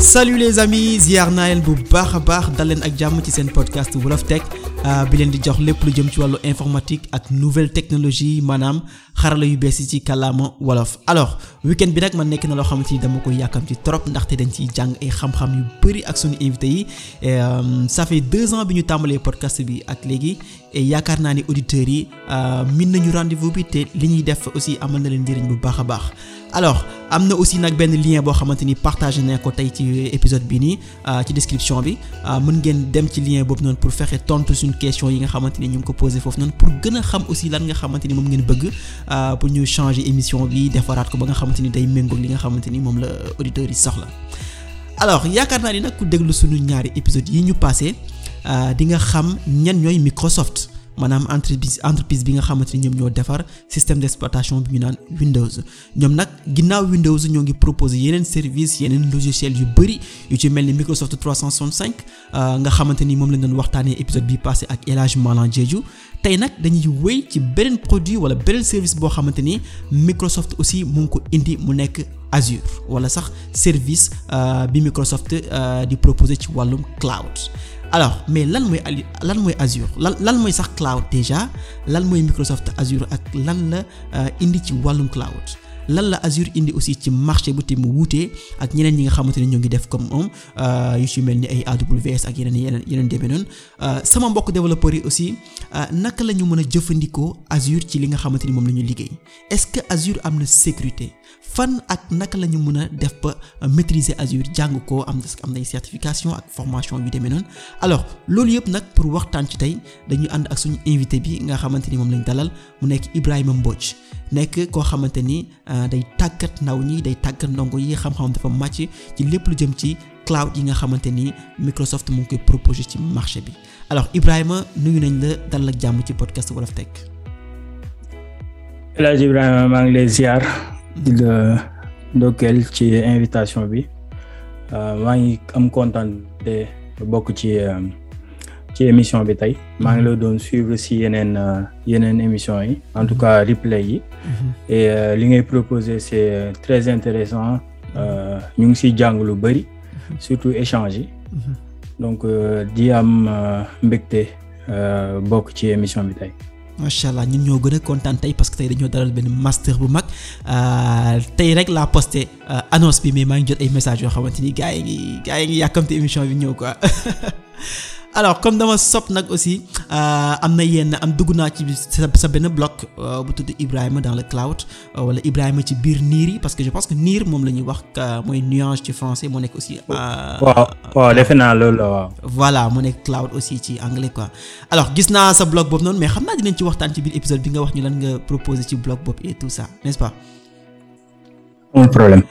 salu les amis ziar naa leen bu baax a baax dal leen ak jàmm ci seen podcast Wolof teg ah, bi leen di jox lépp lu jëm ci wàllu informatique ak nouvelle technologie maanaam xarala yu bees yi ci kàllaama wolof alors weekend bi rek ma nekk na loo xam ni dama koy yàkkam ci trop ndaxte dañ ciy jàng ay xam-xam yu bëri ak suñu invité yi ça fait deux ans bi ñu tàmbalee podcast bi ak léegi yaakaar naa ni auditeurs yi ah, min nañu rendez-vous bi te li ñuy def aussi amal na leen njëriñ bu baax a baax alors am na aussi nag benn lien boo xamante ni partagé nañ ko tey ci épisode bi nii euh, ci description bi euh, mën ngeen dem ci lien boobu noonu pour fexe tontu suñu question yi nga xamante ni ñu ngi ko posé foofu noonu pour gën a xam aussi lan nga xamante ni moom ngeen bëgg euh, pour ñu changer bi defaraat ko ba nga xamante ni day méngoog li nga xamante ni moom la auditeurs yi soxla alors yaakaar naa ni nag ku déglu suñu ñaari épisode yi ñu passé di nga xam ñan ñooy Microsoft maanaam entreprise bi nga xamante ni ñoom ñoo defar système d'exploitation bi ñu naan Windows ñoom nag ginnaaw Windows ñoo ngi proposer yeneen service yeneen logiciel yu bëri yu ci mel ni Microsoft 365 euh, nga xamante ni moom lañ doon waxtaanee épisode bi passé ak El Hadj Malang tey nag dañuy wéy ci beneen produit wala beneen service boo xamante ni Microsoft aussi mu ngi ko indi mu nekk Azure wala sax service euh, bi Microsoft euh, di proposer ci wàllum cloud alors mais lan mooy ali lan mooy Azure lan lan mooy sax cloud déjà lan mooy Microsoft Azure ak lan la euh, indi ci wàllum cloud lan la Azure indi aussi ci marché bu te mu wuute ak ñeneen ñi nga xamante ne ñoo ngi def comme moom euh, yu ci mel ni ay AWS ak yeneen yeneen yeneen demee noonu euh, sama mbokk développeurs yi aussi naka la ñu mën a jëfandikoo Azure ci li nga xamante ni moom la ñu liggéey est-ce que Azure am na sécurité fan ak naka la ñu mën a def ba euh, maîtriser Azure jàng ko am am nay certification ak formation yu demee noonu alors loolu yëpp nag pour waxtaan ci tey dañuy ànd ak suñu invité bi nga xamante ni moom lañ dalal mu nekk Ibrahima Mbodj nekk koo xamante ni euh, day tàggat ndaw ñi day tàggat ndongo yi xam-xam dafa màcc ci lépp lu jëm ci cloud yi nga xamante ni Microsoft mu ngi koy proposé ci marché bi alors Ibrahima nuyu nañ la dalal ak jàmm ci podcast Wolof Tech. El Hadj Ibrahima maa di ci invitation bi euh, maa ngi am kontaan de bokk ci euh, ci émission bi tey maa ngi la doon suivre si yeneen euh, yeneen émission yi en tout cas replay yi mhm. et li ngay proposer c'est très intéressant ñu ngi siy jàng lu bëri mhm. surtout échange yi mhm. donc di am mbégte bokk ci émission bi tey macha allah ñun ñoo gën a kontaan tey parce que tey dañoo dalal benn master bu mag euh, tey rek laa posté euh, annonce bi mais maa ngi jot ay messages yoo xamante ni gars yi ngi gars yi ngi yàkkamte émission bi ñëw quoi. alors comme dama sopp nag aussi euh, am na yenn am dugg naa ci sa benn blog euh, bu tudd Ibrahima dans la cloud euh, wala Ibrahima ci biir niir yi parce que je pense que niir moom la ñuy wax mooy nuage ci français moo nekk aussi. waaw waaw defe naa loolu la waaw. voilà mu nekk cloud aussi ci anglais quoi alors gis naa sa blog boobu noonu mais xam naa dinañ ci waxtaan ci biir épisode bi nga wax ñu lan nga proposer ci blog boobu et tout ça nest pas. problème.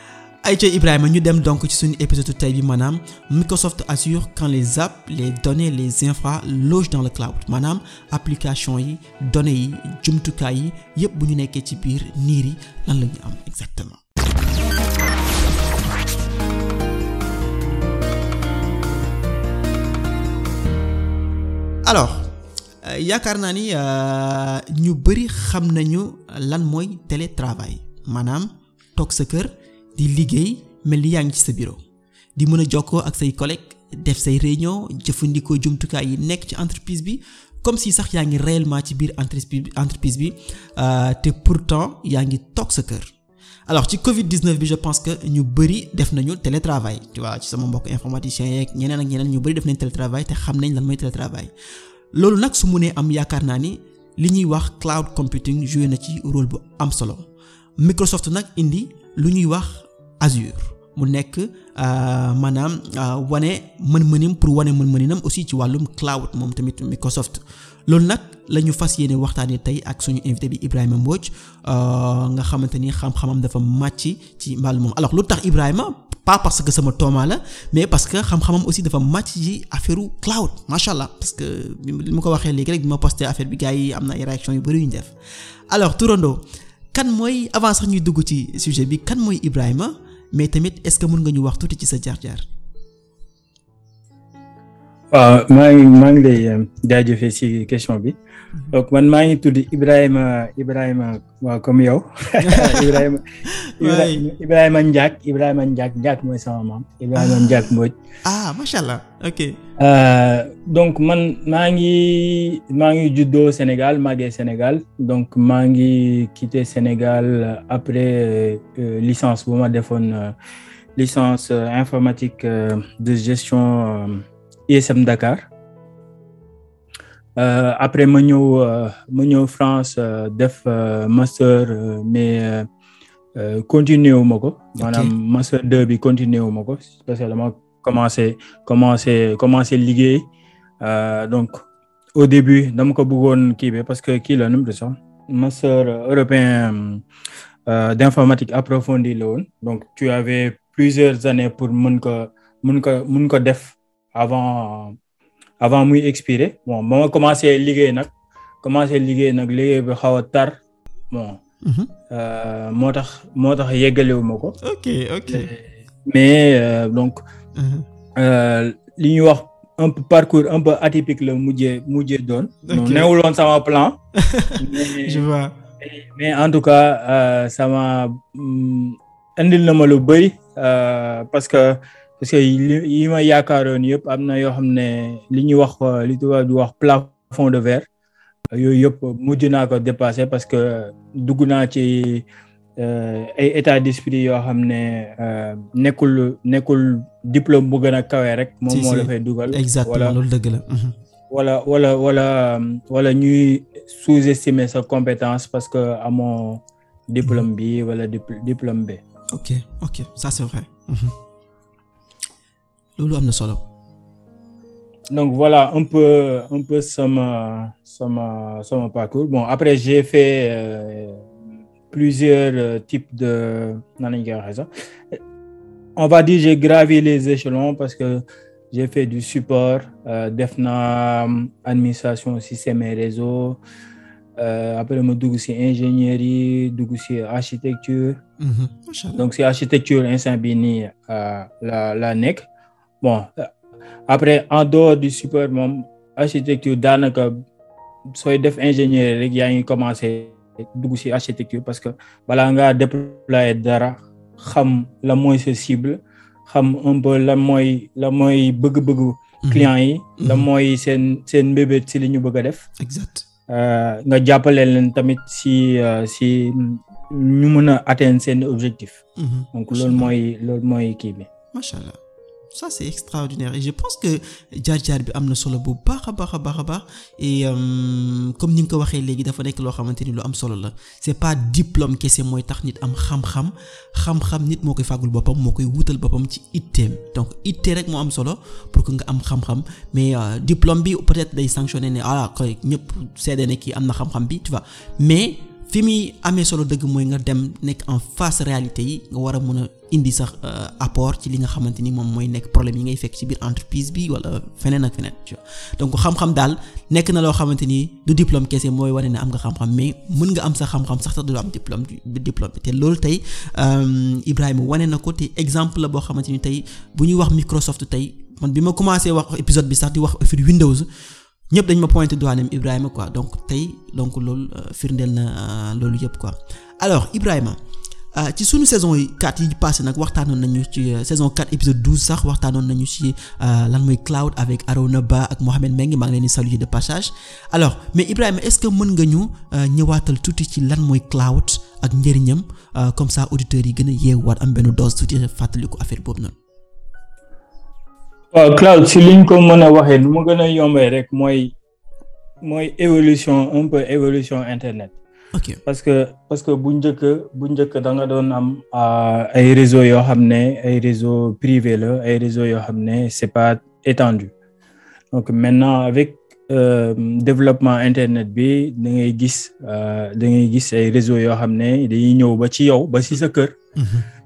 ay cooy Ibrahima ñu dem donc ci suñu épisode tey bi maanaam Microsoft Azure quand les apps les données les infra logent dans le cloud maanaam application yi données yi jumtukaay yi yépp bu ñu nekkee ci biir niir yi lan la ñu am exactement alors euh, yaakaar naa ni euh, ñu bari xam nañu lan mooy télétravail maanaam toog sa kër di liggéey mel ni yaa ngi ci sa bureau di mën a jokkoo ak say collègues def say réunion jëfandikoo jumtukaay yi nekk ci entreprise bi comme si sax yaa ngi réellement ci biir entreprise entreprise bi euh, te pourtant yaa ngi toog sa kër. alors ci Covid 19 bi je pense que ñu bëri def nañu télétravail tu vois ci sama mbokk informaticien yeek ñeneen ak ñeneen ñu bëri def nañ télétravail te xam nañ lan mooy télétravail loolu nag su mënee am yaakaar naa ni li ñuy wax cloud computing joué na ci rôle bu am solo Azure mu nekk euh, maanaam euh, wane mën-mënam pour wane mën-mënam aussi ci wàllum cloud moom tamit Microsoft loolu nag la ñu fas yéene waxtaanee tey ak suñu invité bi Ibrahima Mbodj euh, nga xamante ni xam-xamam dafa màcc ci mbàllu moom alors lu tax Ibrahima pas parce que sama toomaa la mais parce que xam-xamam aussi dafa màcc ci affaire cloud macha allah parce que li ma ko waxee léegi rek bi ma posté affaire bi gars yi am na ay réaction yu bëri ñu def alors turando kan mooy avant sax ñuy dugg ci sujet bi kan mooy Ibrahima. mais tamit est-ce que mën nga ñu wax ci sa jaar-jaar waaw maa ngi maa ngi lay um, jaajëfee si question bi mhm. donc man maa ngi tudd Ibrahima Ibrahima waaw comme yow Ibrahima Ibrahima Ndiak Ibrahima Ndiak Ndiak mooy sama maam Ibrahima ah. Ndiak Mbodj ah macha allah ok euh, donc man maa ngi maa ngi juddoo Sénégal màggee Sénégal donc maa ngi quitté Sénégal après euh, licence bu ma defoon euh, licence informatique de gestion ISM Dakar euh, après ma ñëw euh, ma ñëw France euh, def master mais continuer wu ma ko. maanaam master 2 bi continuer wu ma ko parce que dama commencé commencé commencé liggéey donc au début dama ko bëggoon kii bi parce que kii la nu mu sax européen d'informatique approfondie la donc tu avais plusieurs années pour mën ko mën ko mën ko def. avant avant muy expiré bon ba ma commencé liggéey nag commencé liggéey nag liggéey bi xaw a tar bon. Mhm. Euh, moo tax moo tax yeggalewu ma ko. ok ok euh, mais euh, donc. Mhm. Euh, li ñuy wax un peu parcours un peu atypique la mujjee mujjee doon. ok sama plan. je vois. Mais, en tout cas euh, sama mm, indil na ma parce que. parce que li yi ma yaakaaroon yëpp am na yoo xam ne li ñuy wax li tubaab di wax plafond de verre yooyu yëpp mujj naa ko dépassé parce que dugg naa ci euh, ay état d'esprit yoo xam ne euh, nekkul nekkul diplôme bu gën a kawe rek. moom moo la fay dugal. exactement loolu dëgg la. wala wala wala wala ñuy sous-estimer sa compétence parce que amoo diplôme bi wala diplôme B. ok ok ça c'est vrai. Mhm. loolu am donc voilà un peu un peu sama sama sama parcours bon après j'ai fait euh, plusieurs euh, types de nan la koy waxee sax on va dire j'ai gravi les échelons parce que j'ai fait du support euh, def naa euh, administration système et réseau euh, après ma dugg ci ingénierie dugg ci architecture. Mm -hmm. donc ci architecture instant bii nii euh, la la nekk. bon après en dehors du support moom architecture daanaka sooy def ingénieur rek yaa ngi commencé dugg ci architecture parce que balaa ngaa déployer dara xam la mooy sa cible xam un peu la mooy la mooy bëgg-bëggu mhm. client yi la mhm. mooy seen seen mbébét ci li ñu bëgg a def exact euh, nga jàppale leen tamit ci euh, ci ñu mën a atteindre seen objectif mhm. donc loolu mooy loolu mooy kii bi ça c'est extraordinaire je pense que jaar bi am na solo bu baax a baax a baax a baax et euh, comme ni nga ko waxee léegi dafa nekk loo xamante ni lu am solo la c'est pas diplôme kese mooy tax nit am xam-xam nit moo koy fàggul boppam moo koy wutal boppam ci itteem donc ittee rek moo am solo pour que nga am xam-xam mais euh, diplôme bi peut-être day sanctionné ne ah koy ñëpp seede ne kii am na xam-xam bi tu fi muy amee solo dëgg mooy nga dem nekk en face réalité yi nga war a mën a indi sax euh, apport ci li nga xamante ni moom mooy nekk problème yi ngay fekk ci biir entreprise bi wala feneen ak feneen donc xam-xam daal nekk na loo xamante ni du diplôme kese mooy wane ne am nga xam-xam mais mën nga am sax xam-xam sax te du am diplôme bi diplôme bi te loolu tey euh, Ibrahima wane na ko te exemple la boo xamante ni tey bu ñuy wax Microsoft tey man bi ma commencé wax épisode bi sax di wax affaire Windows ñëpp dañ ma pointé doigt ne Ibrahima quoi donc tey donc loolu euh, firndeel na euh, loolu yëpp quoi alors Ibrahima euh, ci sunu saison yi 4 yi passé nag waxtaanoon nañu ci saison 4 épisode 12 sax waxtaanoon nañu ci lan mooy cloud avec Arona Ba ak Mohamed Mengi maa ngi leen di saluer de passage alors mais Ibrahima est-ce que mën nga ñu ñëwaatal tuuti ci lan mooy cloud ak njëriñam comme ça auditeurs yi gën a yeewaat am benn dose tuuti fàttaliku affaire boobu noonu. waaw Claude si liñ ko mën a waxee nu mu gën a yombee rek mooy mooy évolution un peu évolution internet. ok parce que parce que bu njëkk bu njëkk da nga doon am euh, ay réseaux yoo xam ne ay réseaux privés la ay réseaux yoo xam ne c'est pas étendu donc maintenant avec euh, développement internet bi da ngay gis euh, da ngay gis ay réseaux yoo xam ne dañuy ñëw ba ci yow ba ci sa kër. Mhm.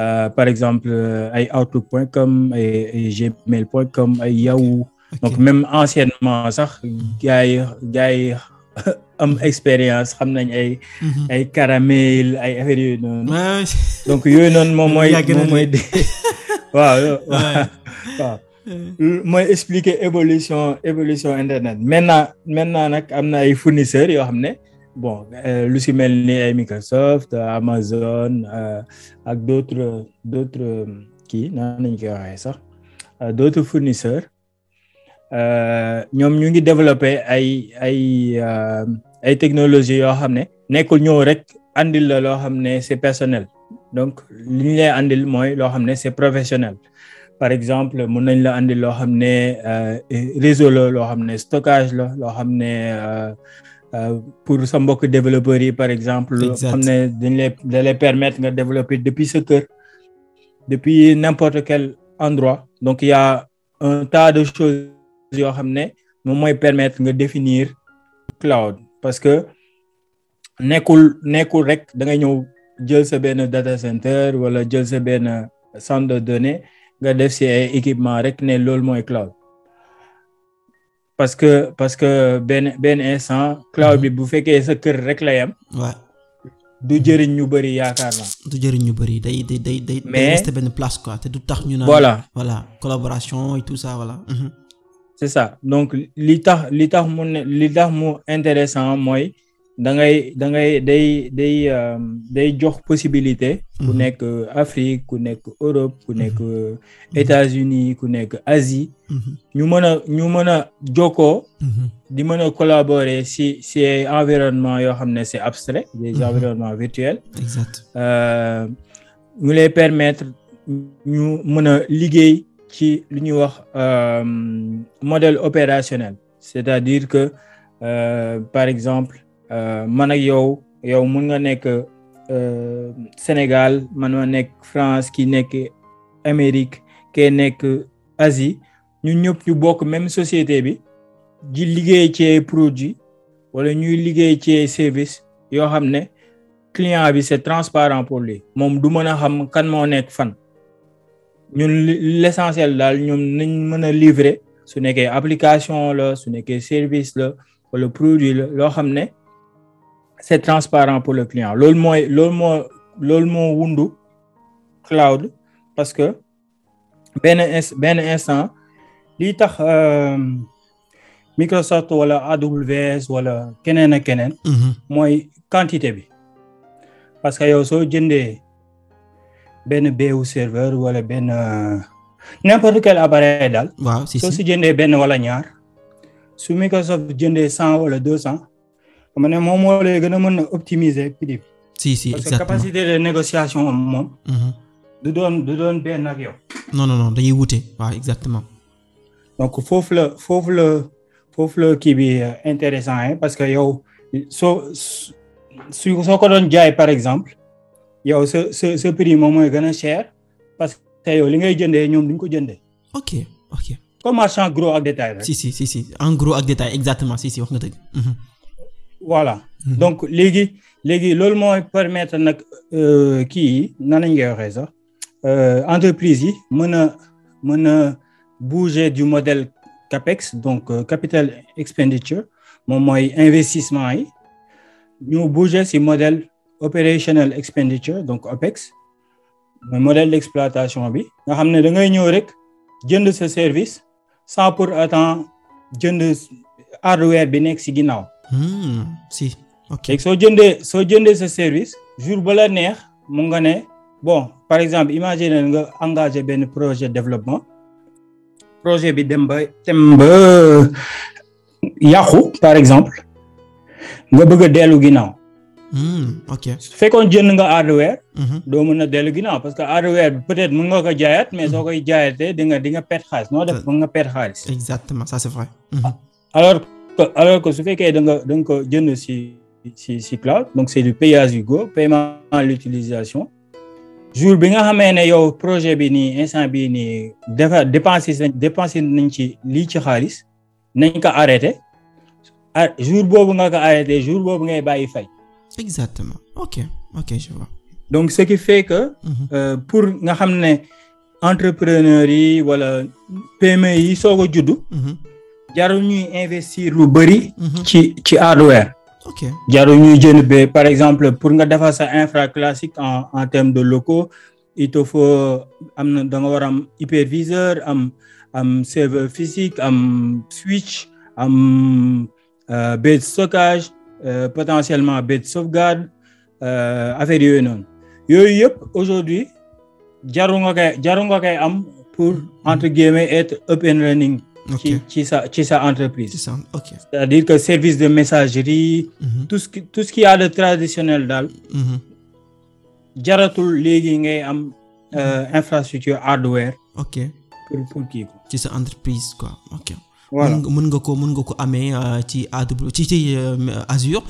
Euh, par exemple euh, ay Outlook point com ay Gmail point com ay Yahoo. donc même anciennement sax gars yi gars am expérience xam nañ ay. Mhm. ay caramel ay affaire donc yooyu noonu moom mooy. moom mooy waaw waaw. évolution internet maintenant maintenant nag am na ay fournisseurs yoo xam ne. bon euh, lu si mel ni ay euh, Microsoft euh, Amazon ak d'autres d'autres kii nan nañ koy waxee sax d'autres fournisseurs ñoom ñu ngi développé ay ay ay technologies yoo xam ne nekkul ñëw rek andil la loo xam ne c'est personnel donc li ñu lay andil mooy loo xam ne c'est professionnel par exemple mën nañ la andil loo xam ne réseau la loo xam ne stockage la loo xam ne Euh, pour sa mbokk développeurs yi par exemple. xam ne dañ lay da permettre nga développer depuis sa kër. depuis n'importe quel endroit. donc il y un tas de choses yoo xam ne moom mooy permettre nga définir cloud parce que nekkul nekkul rek da ngay ñëw jël sa benn data center wala jël sa benn centre de donnée nga def ci équipement rek ne loolu mooy cloud. parce que parce que benn benn instant cloud bi mhm. bu fekkee sa kër rek la yem. waaw du jëriñ ñu bëri yaakaar naa. du jëriñ ñu bëri day day day day. mais te benn place quoi te du tax ñu. naan voilà voilà collaboration et tout ça voilà. Mhm. c'est ça donc li tax li tax mu ne li tax mu intéressant mooy. da ngay da ngay day day um, day jox possibilité. ku mhm. nekk Afrique ku nekk Europe ku nekk mhm. euh, États-Unis ku nekk Asie. Mhm. ñu mën a ñu mën a jokkoo. di mën a collaborer si si ay environnement yoo xam ne c'est abstrait. des environnements virtuels. exact euh, ñu lay permettre ñu mën a liggéey ci lu ñuy wax euh, modèle opérationnel c'est-à-dire que par exemple. Euh, man ak yow yow mun nga nekk euh, Sénégal man ma nekk France ki nekk Amérique kee nekk Asie ñu ñëpp ñu bokk même société bi di liggéey ci produit wala ñuy liggéey ci service yoo xam ne client bi c'est transparent pour lui moom du mën a xam kan moo nekk fan ñun l'essentiel daal ñoom nañ mën su nekkee application la su nekkee service la wala produit la loo xam c'est transparent pour le client loolu mooy loolu moo loolu moo wundu cloud parce que benn benn instant lii tax euh, Microsoft wala AWS wala keneen ak keneen. Mhm. mooy quantité bi. parce que yow soo jëndee benn béewu serveur wala benn euh, n'importe quel appareil daal. waaw si si soo si benn wala ñaar su Microsoft jëndee cent wala deux cent. ma ne moom moo lay gën a mën na optimiser prix bi. si si exactement parce que capacité de négociation am moom. du doon du doon benn ak yow. non non dañuy wute waaw exactement. donc foofu la foofu la foofu la kii bi euh, intéressant hein parce que yow soo soo ko doon jaay par exemple yow sa sa sa prix moom mooy gën a cher parce que yow li ngay jëndee ñoom duñ ko jënde ok ok. comme marchand gros ak détail rek. si si si si en gros ak détail exactement si si wax nga dëgg. Mm-hmm. voilà mhm. donc léegi léegi loolu mooy permettre nag euh, kii yi nan lañ koy waxee sax euh, entreprise yi mën a mën a bouger du modèle CAPEX donc euh, capital expenditure moom mooy investissement yi ñu bouger si modèle operational expenditure donc OPEX mooy modèle d'exploitation bi nga xam ne da ngay ñëw rek jënd sa service sans pour autant jënd hardware bi nekk si ginnaaw Hmm, si ok soo jëndee soo jëndee sa service jur ba la neex mun nga ne bon par exemple imagine nga engagé benn projet développement projet bi dem ba dem ba yàqu par exemple nga bëgg a dellu ginnaaw. Hmm, ok su fekkoon jënd nga hardware. Mhm. doo mën a dellu ginnaaw parce que hardware bi peut-être mën nga ko jaayaat mais mhm. soo koy jaayatee di nga di nga perte xaalis noo def mën nga perte xaalis. exactement ça c'est vrai. Mhm. alors que su fekkee da nga da ko jënd si si si cloud donc c'est du pay as you go paiement à l'utilisation jour bi nga xamee ne yow projet bi nii instant bii nii dafa dépensé dépensé nañ ci lii ci xaalis nañ ko arrêté jour boobu nga ko arrêté jour boobu ngay bàyyi fay. exactement ok ok je donc ce qui fait que. Mhm. Euh, pour nga xam ne entrepreneurs yi wala PME yi soog a juddu. Mhm. jarul ñuy investir lu bëri. Mhm. ci ci hardware. ok jarul ñuy jënd ba par exemple pour nga defar sa infra classique en en termes de locaux il te faut am na da nga war am hyperviseur am am serveur physique am switch am euh, baie de stockage euh, potentiellement baie de sauvegarde euh, yooyu noonu yooyu yëpp aujourd'hui jarul nga koy am pour mhm. entre guillemets être up and running. ci ci sa ci sa entreprise okay. c'est-à-dire de messagerie mm -hmm. tout ce qui daal mhm. jaratul léegi ngay am euh, infrastructure hardware ok pour pour kii ko ci sa entreprise quoi ok voilà mën nga ko mun nga ko amee euh, ci AW ci ci euh, Azure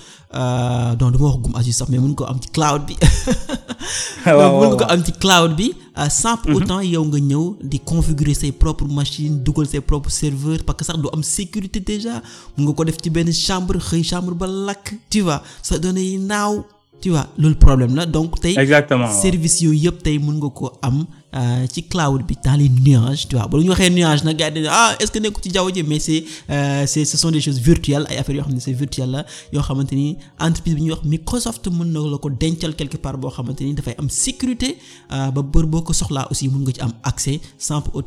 donc du ma wax gum Azure sax mais mën nga ko am ci cloud bi. waaw nga ko am ci cloud bi Euh, sans pour mhm. temps yow nga ñëw di configurer say propre machine dugal say propre serveur parce que sax du am sécurité déjà mun nga ko def ci benn chambre xëy chambre ba lakk tu vois sa données yi naaw tu loolu problème la donc tey. exactement service yooyu yëpp tey mun nga ko am. Euh, ci cloud bi dans les nuages tu vois ba lu ñu waxee nuage nag gars yi dañu ah est-ce ci jaww ji mais c'est euh, c'est ce sont des choses virtuelles ay affaires yoo xam ne c'est virtuel la yoo xamante entreprise bi ñuy wax Microsoft mën na la ko dencal quelque part boo xamante dafay am sécurité euh, ba bër boo ko soxlaa aussi mën nga ci am accès sans pour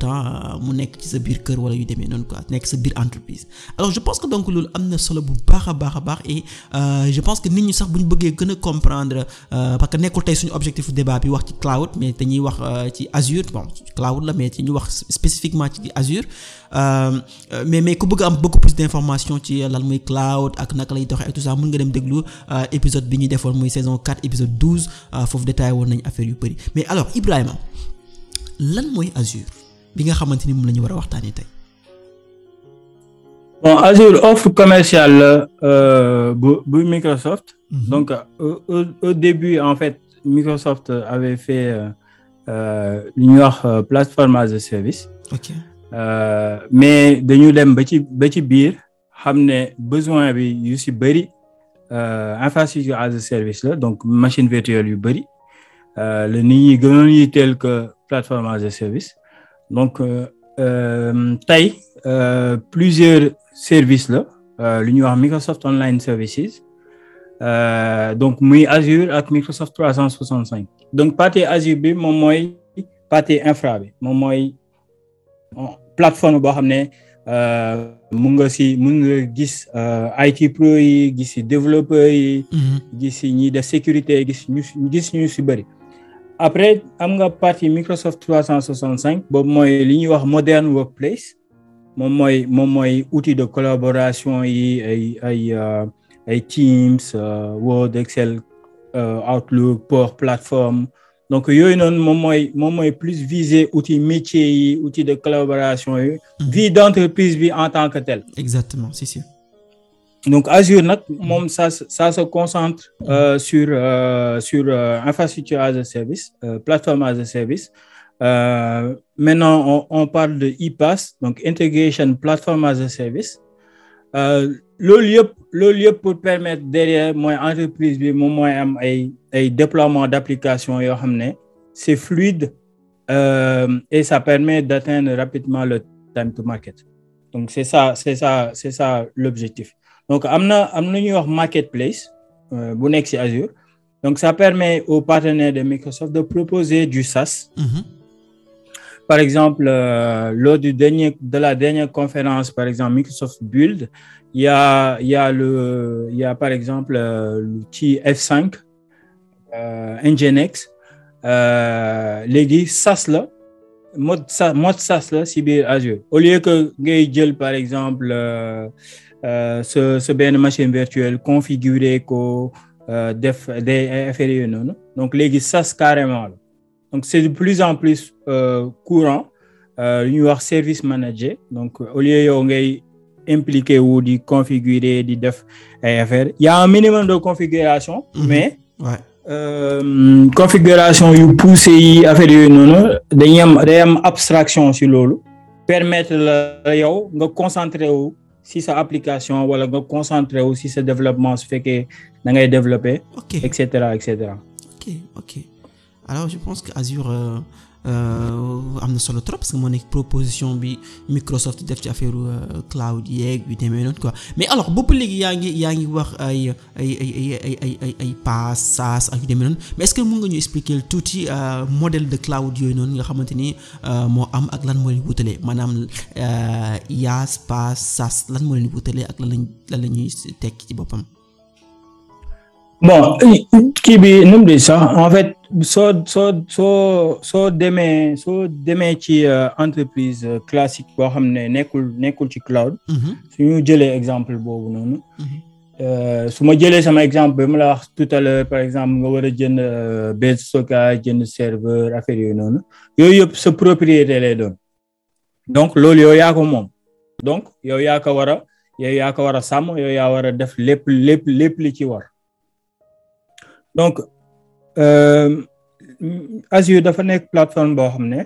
mu nekk ci sa biir kër wala yu demee noonu quoi nekk sa biir entreprise alors je pense que donc loolu am na solo Azure bon cloud la mais ci ñu wax spécifiquement ci Azure euh, mais mais ku bëgg am beaucoup plus d'informations ci lan muy cloud ak naka lay doxee ak tout ça mën nga dem déglu euh, épisode bi ñuy defoon muy saison 4 épisode 12 euh, foofu détaillé woon nañ affaire yu bari mais alors Ibrahima lan mooy Azure bi nga xamante ni moom la ñu war a bon Azure offre commerciale bu bu Microsoft. Mhm. donc au, au début en fait Microsoft avait fait. lu euh, ñuy wax euh, plateforme as a euh, mais dañu dem ba ci ba ci biir xam ne besoin bi yu si bëri infrastructure as a service la donc machine virtuelle yu bëri la nit ñi gënoon yi tel que plateforme as a donc euh, tey euh, plusieurs services la lu ñuy wax Microsoft Online Services euh, donc muy Azure ak Microsoft 365. donc partie Azure bi moom mooy partie infra bi moom mooy plateforme boo xam ne euh, mun nga si mun nga gis euh, IT pro yi gis si développeurs yi. Mhm. gis si ñi def sécurité gis ñu gis ñu si bëri. après am nga partie Microsoft 365 boobu mooy li ñuy wax modern workplace moom mooy moom mooy outil de collaboration yi ay ay euh, ay Teams Word Excel. Euh, Outlook Power Platform donc yooyu noonu moom mooy moom mooy plus viser outil métier yi outil de collaboration yi. Mhm. vie d'entreprise bi en tant que tel. exactement si si. donc Azure nag moom ça ça se concentre euh, mhm. sur euh, sur euh, infrastructure as a service euh, plateforme as service maintenant on, on parle de IPaaS donc integration platform as service loolu yëpp loolu yëpp pour permettre derrière mooy entreprise bi moom mooy ay ay déploiement d'application yoo xam ne c'est fluide euh, et ça permet d'atteindre rapidement le time to market donc c'est ça c'est ça c'est ça l'objectif donc am na am na ñuy wax marketplace euh, bu nekk ci Azure donc ça permet aux partenaires de Microsoft de proposer du SaaS. Mm-hmm. Par exemple, euh, lors du de la dernière conférence, par exemple, Microsoft Build, il y a, il le, il par exemple euh, l'outil F5, euh, Nginx. Euh, léegi SaaS la mode SaaS mode SaaS la si biir Azure au lieu que ngay jël par exemple euh, euh, ce ce benn machine virtuelle configurer ko def des affaires yooyu noonu donc léegi sas carrément la. donc c'est de plus en plus euh, courant lu euh, ñuy wax service manager donc au lieu yow ngay impliqué wu di configurer di def ay affaire ya a un minimum de configuration mhm. mais ouais. Euh, configuration yu poussé yi affaire yooyu noonu dañuy am day am abstraction si loolu permettre la yow nga concentré wu ci sa application wala nga concentré wu sa développement su fekkee da ngay développer. ok et cetera et alors je pense que Azure euh, euh, am na solo trop parce que moo nekk proposition bi Microsoft def ci affaire euh, cloud yeeg yu demee noonu quoi mais alors bopp léegi yaa ngi yaa ngi wax ay ay ay ay ay ay ay PaaS SaaS ak yu demee noonu mais est-ce que mën nga ñu expliquer tuuti modèle de cloud yooyu noonu nga xamante ni moo am ak lan moo leen wutale maanaam IaaS PaaS SaaS lan moo leen wutale ak lan lañ lan la ñuy tekki ci boppam. bon kii bi nu mu sax en fait. so soo soo soo demee soo demee ci euh, entreprise euh, classique boo xam ne nekkul nekkul ci cloud. Mm-hmm. su ñu jëlee exemple boobu noonu. Mm-hmm. Euh, su ma jëlee sama exemple bi ma la wax tout à l'heure par exemple nga war a jënd base stockage jënd serveur affaire yooyu noonu yooyu yëpp sa propriété lay doon donc loolu yow yaa ko moom donc yow yaa ko war a yow yaa ko war a sàmm yow yaa war a def lépp lépp li ci war donc. Euh, Azure dafa nekk plateforme boo xam ne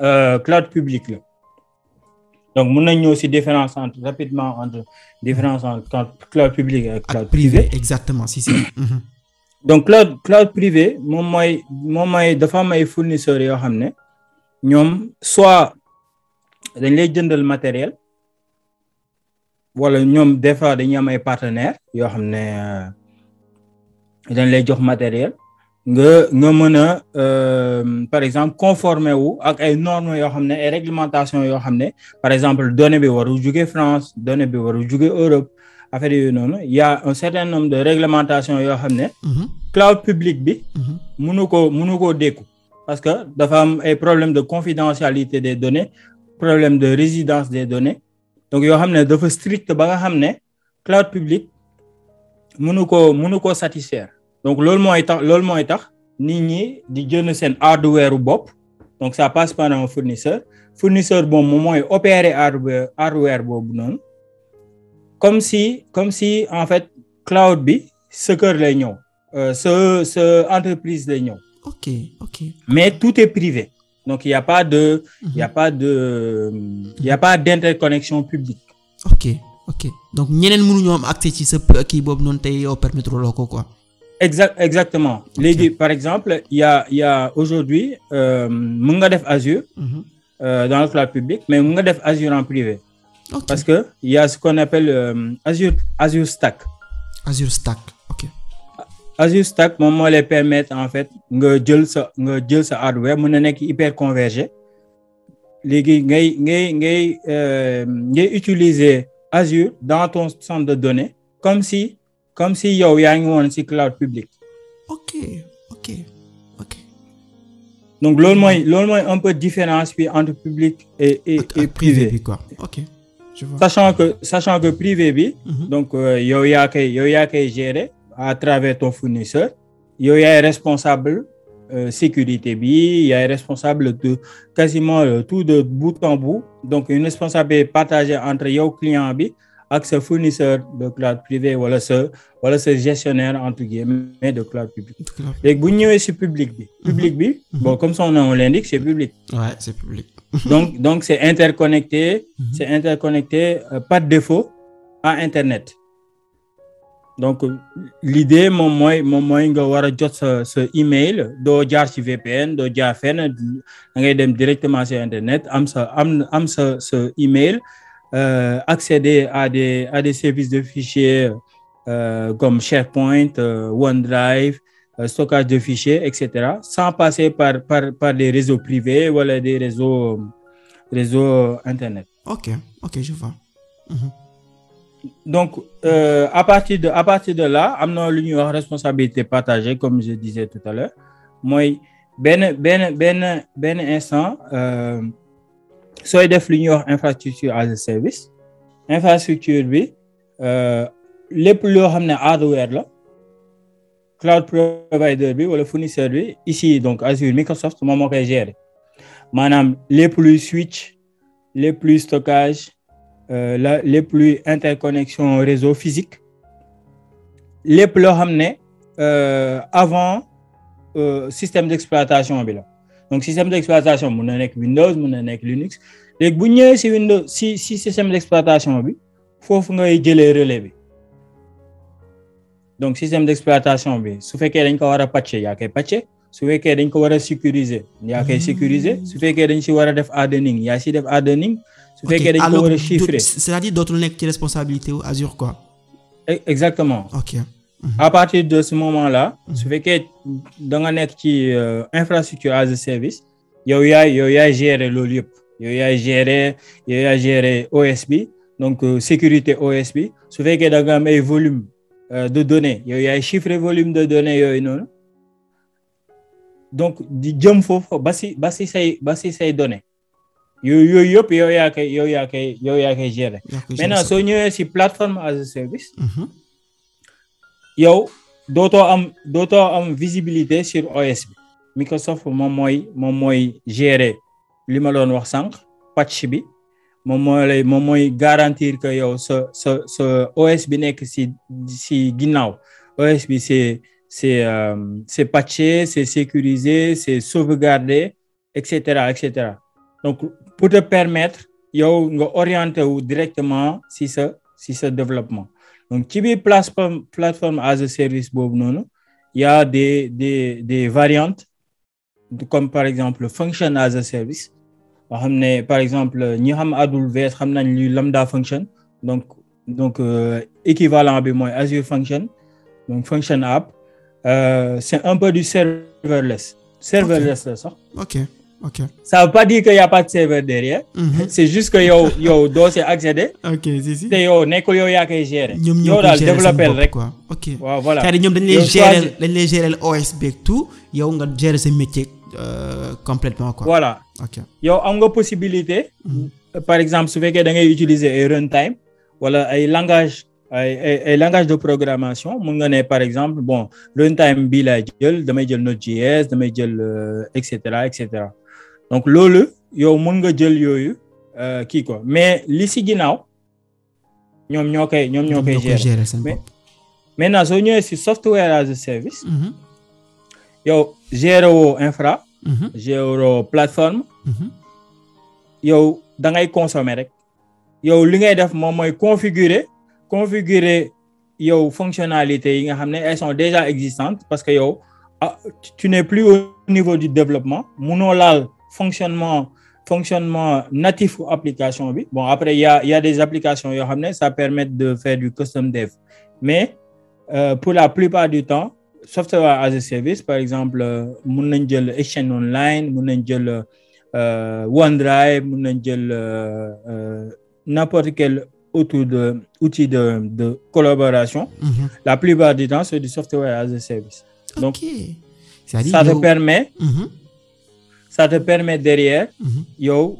euh, cloud public la donc mun nañ ñëw si différence entre rapidement entre différence entre cloud public ak exactement si si mhm. donc cloud cloud privé moom mooy moom mooy dafa may ay fournisseurs yoo xam ne ñoom soit dañ lay jëndal matériel wala ñoom des fois dañuy am ay partenaires yoo xam ne euh, dañ lay jox matériel nga nga mën a euh, par exemple conformer wu ak ay normes yoo xam ne ay réglementation yoo xam ne par exemple données bi waru jóge France données bi waru juge Europe affaire yooyu noonu y a un certain nombre de réglementations yoo xam ne mhm. cloud public bi mënu mhm. ko mënu koo dékku parce que dafa am ay problème de confidentialité des données problème de résidence des données donc yoo xam ne dafa strict ba nga xam ne cloud public mënu koo mënu koo satisfaire donc loolu mooy tax loolu mooy tax nit ñi di jënd seen hardware bopp donc ça passe par un fournisseur fournisseur boobu moom mooy opérer hardware hardware boobu noonu comme si comme si en fait cloud bi sa kër lay ñëw euh, sa sa entreprise lay ñëw. ok ok mais tout est privé. donc il y a pas de. il y a mhm. pas de il y a pas d'interconnexion publique. ok ok donc ñeneen mënuñoo am accès ci sa kii boobu noonu tey yow permettre loo ko quoi. exact exactement léegi par exemple il ya a il y aujourd'hui euh, mën nga def Azure. Mhm. Euh, dans le cloud public mais mu nga def Azure en privé. parce que il y a ce qu'on appelle euh, Azure Stack. Azure Stack ok. Azure Stack moom moo lay en fait nga jël sa nga jël sa hardware mën na nekk hyper convergé léegi ngay ngay ngay euh, ngay utiliser Azure dans ton centre de données comme si comme si yow yaa ngi woon ci cloud public. ok ok ok. donc loolu mooy un peu différence bi entre public et et, et privé bi quoi ok. que privé bi. Mhm. donc euh, yow yaa koy yow yaa koy gérer à travers ton fournisseur. yow yaay responsable euh, sécurité bi yaay responsable de quasiment euh, tout de bout donc une responsabilité partagée entre yow client bi. ak sa furnisseur de cloud privé wala sa wala sa gestionnaire entre guillemets de cloud public. bu ñu ñëwee si public bi. Mhm. public bi mhm. bon comme son nom l'indique c'est public. ouais c'est public. donc donc c'est interconnecté. Mhm. c'est interconnecté de euh, défaut à internet. donc l'idée moom mooy moom mooy nga war a jot sa sa email doo jaar ci VPN doo jaar fenn da ngay dem directement sur internet am sa am am sa sa email. euh, accéder à des, à des services de fichiers euh, comme SharePoint, euh, OneDrive, euh, stockage de fichiers, etc., sans passer par, par, par des réseaux privés ou des réseaux, réseaux Internet. OK, OK, je vois. Mmh. Donc, euh, à, partir de, à partir de là, amenons l'union responsabilité partagée, comme je disais tout à l'heure. Moi, ben, ben, ben, ben instant, euh, sooy def lu ñuy wax infrastructure as a service infrastructure bi euh, lépp loo xam ne hardware la cloud provider bi wala fournisseur bi ici donc Azure Microsoft moom moo koy gérer maanaam lépp luy switch lépp plus stockage euh, la lépp luy interconnexion réseau physique lépp loo xam ne euh, avant système d'exploitation bi la. donc système d'exploitation mun na nekk Windows mun na nekk Linux léegi bu ñëwee si Windows si si système d'exploitation bi foofu ngay jëlee relais bi donc système d'exploitation bi su fekkee dañ ko war a patcher yaa koy patcher su fekkee dañ ko war a sécuriser yaa koy sécuriser su fekkee dañ si war a def hardening yaa si def hardening su fekkee dañ ko war a c'est-à-dire dootul nekk ci responsabilité wu Azure quoi e-, exactement ok à partir de ce moment la su fekkee da nga nekk ci euh, infrastructure as a service. yow yaay yow yaay gérer loolu yëpp yow yaay gérer yow OS bi donc euh, sécurité OS bi su fekkee da nga volume euh, de données yow yaay chiffrer volume de données yooyu noonu. donc di jëm foofu ba si say ba si données yooyu yooyu yëpp yow yaa koy yow yaa koy yow soo ñëwee si plateforme as service. Mm-hmm. yow dootoo am dootoo am visibilité sur OS bi Microsoft moom mooy moom mooy gérer li ma doon wax sànq patch bi moom mooy lay moom mooy garantir que yow sa sa sa OS bi nekk si si ginnaaw OS bi c'est c'est euh, c'est patché c'est sécurisé c'est sauvegardé et cetera et cetera donc pour te permettre yow nga orienté wu directement si sa si sa développement donc ci biir plateforme plateforme as a service boobu noonu y des des des variantes comme par exemple function as a service nga xam ne par exemple ñi xam AWS xam nañ luy lambda function donc donc euh, équivalent bi mooy Azure function donc function app euh, c'est un peu du serverless serverless la okay. sax. ok ça veut pas dire que y pas de serveur derrière. Mhm. c'est juste que yow yow doo see ok si si te yow nekkul yow yaa koy gérer. ñoom ñoo koy rek ok waaw voilà ñoom dañ lay gérer dañ lay gérer OS beeg tout yow nga gérer sa métier euh, complètement quoi. voilà ok yow am nga possibilité. Mhm. par exemple su fekkee da ngay utiliser ay runtime wala ay langage ay ay de programmation mun nga ne par exemple bon runtime bii laay jël damay jël Node.js damay jël euh, et cetera et cetera. donc loolu yow mën nga jël yooyu euh, kii quoi mais li si ginnaaw ñoom ñoo koy ñoom ñoo koy gérer mais maintenant soo ñëwee si software as a service mm-hmm. yow gérer woo infra mm-hmm. gérer woo mm-hmm. yow da ngay consommer rek yow li ngay def moom mooy configure configurer yow fonctionnalités yi nga xam ne elles sont déjà existantes parce que yow ah tu n'es plus au niveau du développement muno laal fonctionnement fonctionnement natif ou application bi bon après il y a il y des applications yoo xam ne ça permet de faire du custom dev mais euh, pour la plupart du temps software as a service par exemple euh, mun nañ jël Exchange Online mun nañ jël euh, OneDrive mun nañ jël n'importe quel autour de outil de de collaboration. Mm la plupart du temps c'est du software as a service. donc ça, ça permet. Mhm. ça te permet derrière. Mhm. yow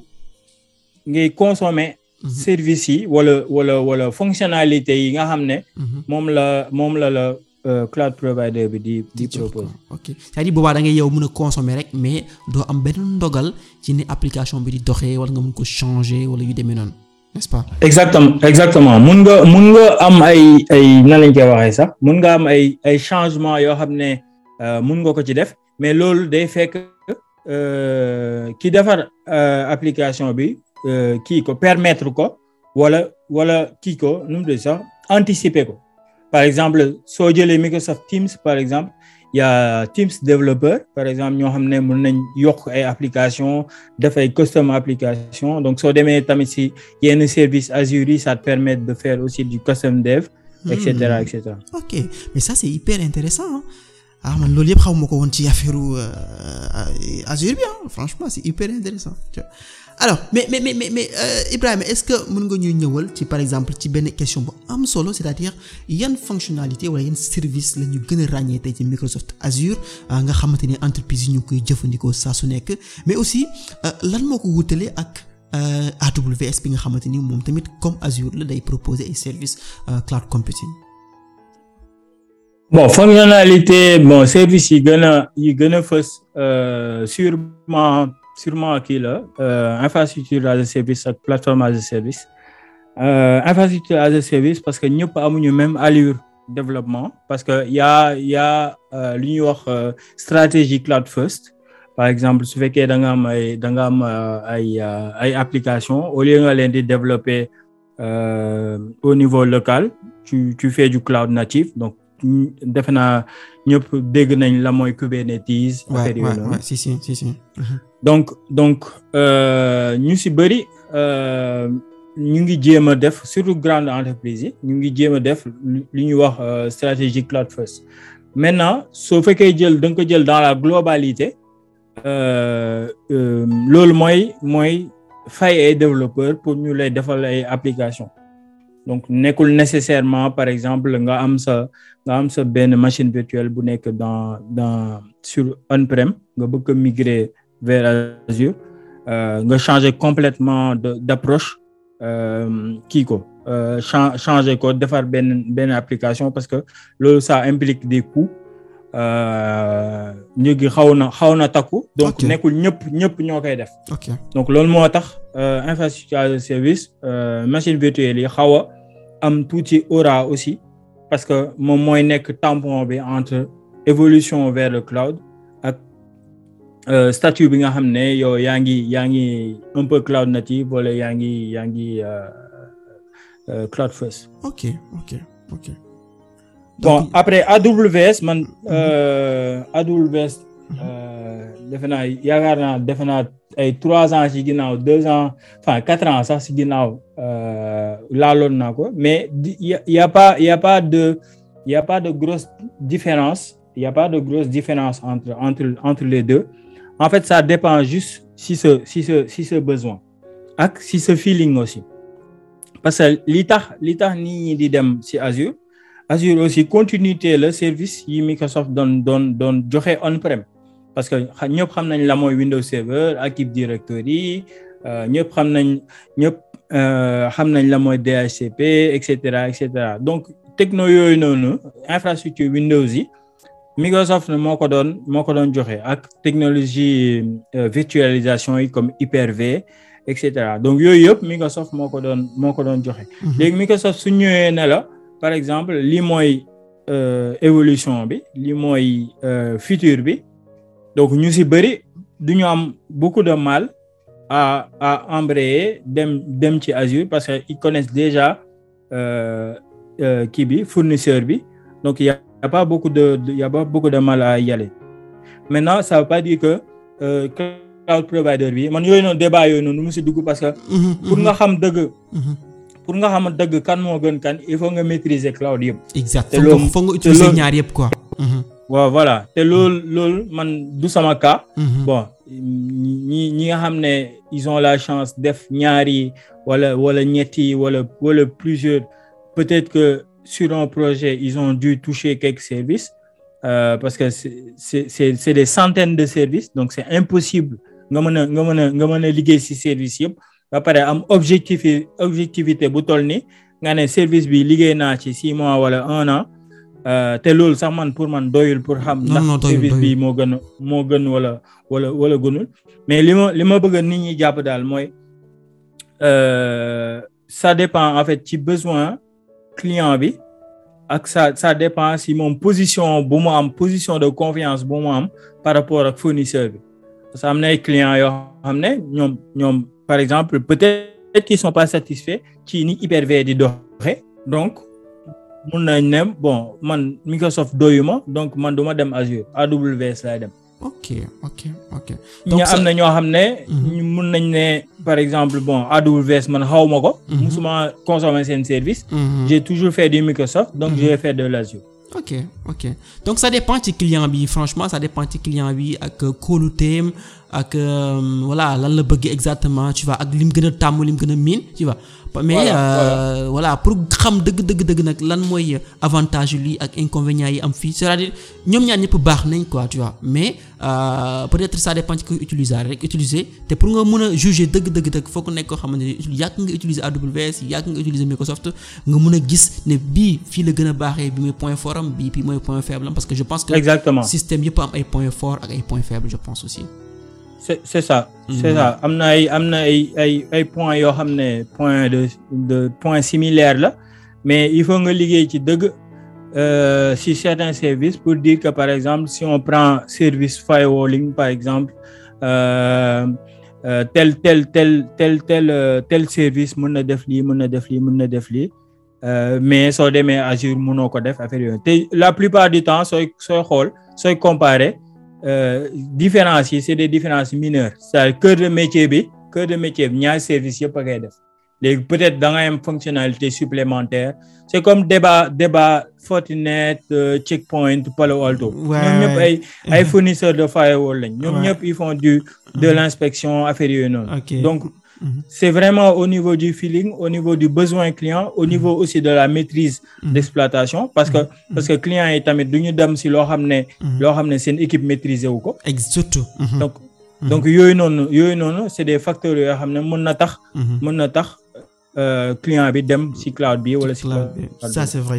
ngay consommer. Mhm. service yi wala wala wala fonctionnalité yi nga xam ne. Mhm. moom la moom la la. Euh, cloud provider bi di di propose ok c'est-à-dire boobaa dangay yow mun a consommer rek mais doo am benn ndogal ci ne application bi di doxee wala nga mën ko changer wala yu demee noonu n'est-ce pas. exactement nga mun nga am ay ay nan lañ koy waxee sax mun nga am ay ay changement yoo xam ne euh, mun nga ko ci def mais loolu day fekk. Euh, kii defar euh, application bi euh, kii ko permettre ko wala wala kii ko nu mu sax anticiper ko par exemple soo jëlee Microsoft Teams par exemple y a Teams développeur par exemple ñoo xam ne mën nañ yokk ay application def ay custom application donc soo demee tamit si yenn service Azure yi ça te permet de faire aussi du custom dev. et cetera et cetera. Hmm. ok mais ça c'est hyper intéressant. ah man loolu yëpp xaw ma ko woon ci affaire euh, euh, Azure bi ah franchement c'est hyper intéressant alors mais mais mais mais euh, Ibrahima est-ce que mën nga ñuy ñëwal ci par exemple ci benn question bu am solo c'est-à-dire yan fonctionnalité wala yan service la ñu gën a ràññee tey ci Microsoft Azure euh, nga xamante ni entreprise yi ñu koy jëfandikoo saa su nekk mais aussi lan moo ko wutalee ak. AWS bi nga xamante ni moom tamit comme Azure la day proposer ay service cloud computing bon fonctionnalité bon service yi gën a yi gën a fës euh, sûrement sûrement kii la euh, infrastructure as a service ak plateforme as a service euh, infrastructure parce que ñëpp amuñu même allure développement parce que y a y a ñuy wax stratégie cloud first par exemple su fekkee da nga am ay am ay ay application au lieu nga leen di développer au niveau local tu tu fais du cloud natif donc defe naa ñëpp dégg nañ la mooy Kubernetes. affaire yooyu noonu si si mhm. donc donc euh, ñu si bëri euh, ñu ngi jéem a def surtout grande entreprise yi ñu ngi jéem a def lu ñuy wax euh, stratégie cloud first. maintenant soo fekkee jël da nga ko jël dans la globalité loolu mooy mooy fay ay pour ñu lay defale ay application donc nekkul nécessairement par exemple nga am sa nga am sa benn machine virtuelle bu nekk dans dans sur on-prem nga bëgg ko migrer vers Azure euh, nga changer complètement de d'approche euh, kii euh, ko euh, cha changer ko defar benn benn application parce que loolu ça implique des coûts ñu euh, ngi xaw na xaw na takku. donc nekkul ñëpp ñëpp ñoo koy def. donc loolu moo tax euh, infrastructure service machine virtuelle yi xaw am tuuti aura aussi parce que moom mooy nekk tampon bi entre évolution vers le cloud ak euh, bi nga xam ne yow yaa ngi yaa ngi un peu cloud native wala yaa ngi yaa ngi euh, euh cloud first. ok ok ok. Donc, bon après AWS man. Mm -hmm. Euh, defe naa yaakaar naa defe ay trois ans ci ginnaaw deux ans enfin quatre ans sax ci ginnaaw euh, laaloon naa ko mais y a pas y a pas de y a de grosse différence y a de grosse différence entre entre entre les deux en fait ça dépend juste si ce si ce si ce besoin ak si ce feeling aussi parce que li tax li tax nit ñi di dem ci Azure Azure aussi continuité le service yi Microsoft doon doon doon joxe on-prem parce que ñëpp xam nañ la mooy Windows Server Active Directory euh, ñëpp xam nañ ñëpp euh, xam nañ la mooy DHCP et cetera et cetera donc techno yooyu noonu infrastructure Windows yi Microsoft moo ko doon moo ko doon joxe ak technologie euh, virtualisation yi comme Hyper-V et cetera donc yooyu yëpp Microsoft moo ko doon moo ko doon joxe. Mm-hmm. léegi Microsoft su ñëwee ne la par exemple lii mooy évolution bi lii mooy futur bi. donc ñu si bëri du ñu am beaucoup de mal à à dem dem ci Azure parce que ils connaissent déjà euh, euh, kii bi fournisseur bi donc y a pas beaucoup de y de mal à y aller maintenant ça pas dire que euh, cloud provider bi man yooyu noonu débat yooyu noonu mu si dugg parce que. Mhm, mhm. pour nga xam dëgg. Mhm. pour nga xam dëgg kan moo gën kan il faut nga maîtriser cloud yëpp. exact te loolu foog nga ñaar yëpp quoi. waa voilà te hmm. loolu loolu man du sama cas. Hmm. bon ñi ñi nga xam ne ils ont la chance def ñaari wala wala ñetti wala wala plusieurs peut-être que sur un projet ils ont dû toucher quelques services euh, parce que c'est c'est c'est des centaines de services donc c'est impossible nga mën nga mën a nga mën a liggéey ci service yëpp ba pare am objectif objectivité bu toll ni nga ne service bi liggéey naa ci six mois wala un an. Euh, te loolu sax man pour man doyul pour xam. ndax service bi moo gën moo gën wala wala wala gënul. mais li ma li ma bëgg nit ñi jàpp daal mooy euh, ça dépend en fait ci besoin client bi ak sa ça dépend si moom position bu mu am position de confiance bu mu am par rapport ak fournisseur bi parce que am na ay clients yoo xam ne ñoom ñoom par exemple peut-être qu'ils sont pas satisfaits ci ni Hyper-V donc. mun nañ ne bon man Microsoft doyuma donc man du ma dem Azure AWS laay dem. ok ok ok. donc am na ñoo xam ne. Mhm. mun nañ ne par exemple bon AWS man xaw ma ko. Mhm. musuma consommer sen service. Mhm. j'ai toujours fait du Microsoft donc je vais de l'Azure. ok ok donc ça dépend client bi franchement ça dépend client bi ak kóoluteem. ak euh, voilà lan la bëgg exactement tu vois ak lim gën a tàmm lim gën a miin tu vois. mais euh, voilà pour xam dëgg dëgg nag lan mooy avantage lii ak inconvénients yi am fii c'est-à-dire ñoom ñaar ñëpp baax nañ quoi mais euh, peut-être ça dépend ci koy utiliser rek utiliser nga mën a juger dëgg dëgg dëgg foog nekk koo xamante ne yàgg nga utiliser AWS yàgg nga utiliser Microsoft nga mën a gis ne bii fii la gën a baaxee bi mooy point fort am bii bii mooy point faible parce que je pense que. système yëpp am ay points forts ak ay points c'est ça. c'est mhm. ça am na ay am na ay ay ay points yoo xam ne point de de point similaire la mais il faut nga liggéey ci dëgg euh, si certains services pour dire que par exemple si on prend service firewalling par exemple euh, euh, tel tel tel tel tel euh, service mën na def lii mën na def lii mën na def lii euh, mais soo demee Azure mënoo ko def affaire yooyu te la plupart du temps sooy sooy xool comparer. Euh, différences yi c'est des différences mineures c'est-à-dire cœur de métier bi cœur de métier bi ñaari service yëpp a koy def léegi peut-être da ngay am fonctionnalité supplémentaire c'est comme débat débat Fortinet euh, Checkpoint Palo Alto. waaw ñoom ñëpp ay ay fournisseurs de firewall lañ. ñoom ñëpp ils font du de mm. l'inspection affaire yooyu noonu. Mmh. C'est vraiment au niveau du feeling, au niveau du besoin client, au mm-hmm. niveau aussi de la maîtrise mm-hmm. d'exploitation parce que mm-hmm. parce que client yi tamit du ñu dem si loo xam ne. loo xam ne seen équipe maîtriser wu ko. surtout. donc donc yooyu noonu yooyu noonu c'est des facteurs yoo xam ne mën na tax. mën na tax. Euh, client bi dem ci cloud bi wala ci cloud bi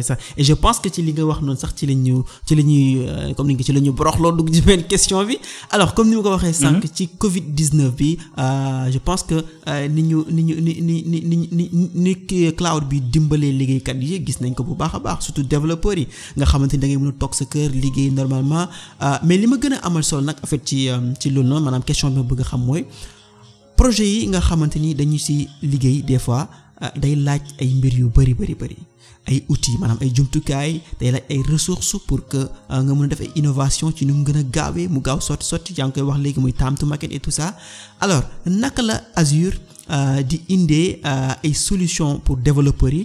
ça je pense que ci li nga wax noonu sax ci la ñu ci la ñuy euh, comme ni nga ci la ñu boroxloo dugg ci benn question bi alors comme ni ma ko waxee sànq mhm. ci Covid 19 bi euh, je pense que ni ñu ni ñu ni ni ni ni ni ni cloud bi dimbalee liggéeykat yi gis nañ ko bu baax a baax surtout développeur yi nga xamante ni da ngay toog sa kër liggéey normalement mais li ma gën a amal solo nag en ci ci loolu noonu maanaam question bi bëgg a xam mooy. projet yi nga xamante ni dañu si liggéey des fois euh, day laaj ay mbir yu bari bari bari ay outils maanaam ay jumtukaay day laaj ay ressources pour que euh, nga mun a def ay innovation ci ni mu gën a gaawee mu gaaw sotti sotti yaa ngi koy wax léegi muy time to market et tout ça alors naka la Azure euh, di indee ay solution pour développeurs yi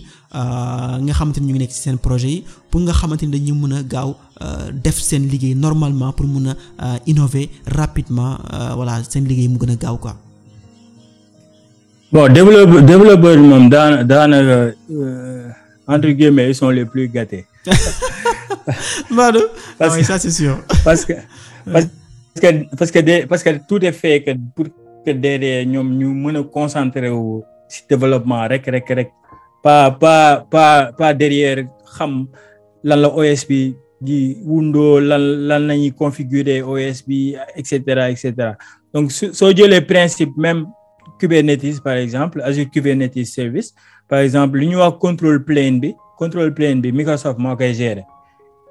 nga xamante ni ñu ngi nekk ci seen projet yi pour nga xamante ni dañu mën a gaaw def seen liggéey normalement pour mun a innover rapidement voilà seen liggéey mu gën a gaaw quoi. bon développeur développeur bi moom daana euh, entre guillemets ils sont les plus gâtés. Madou. parce que parce que parce que parce parce que tout est fait que pour que derrière ñoom ñu mën a concentrer wu si développement rek rek rek pas pas pas pas derrière xam lan la OS bi di wundoo lan lan la ñuy configurer OS bi et cetera et cetera donc principe même. Kubernetes par exemple Azure Kubernetes Service par exemple lu ñu wax control plane bi control plane bi Microsoft moo koy gérer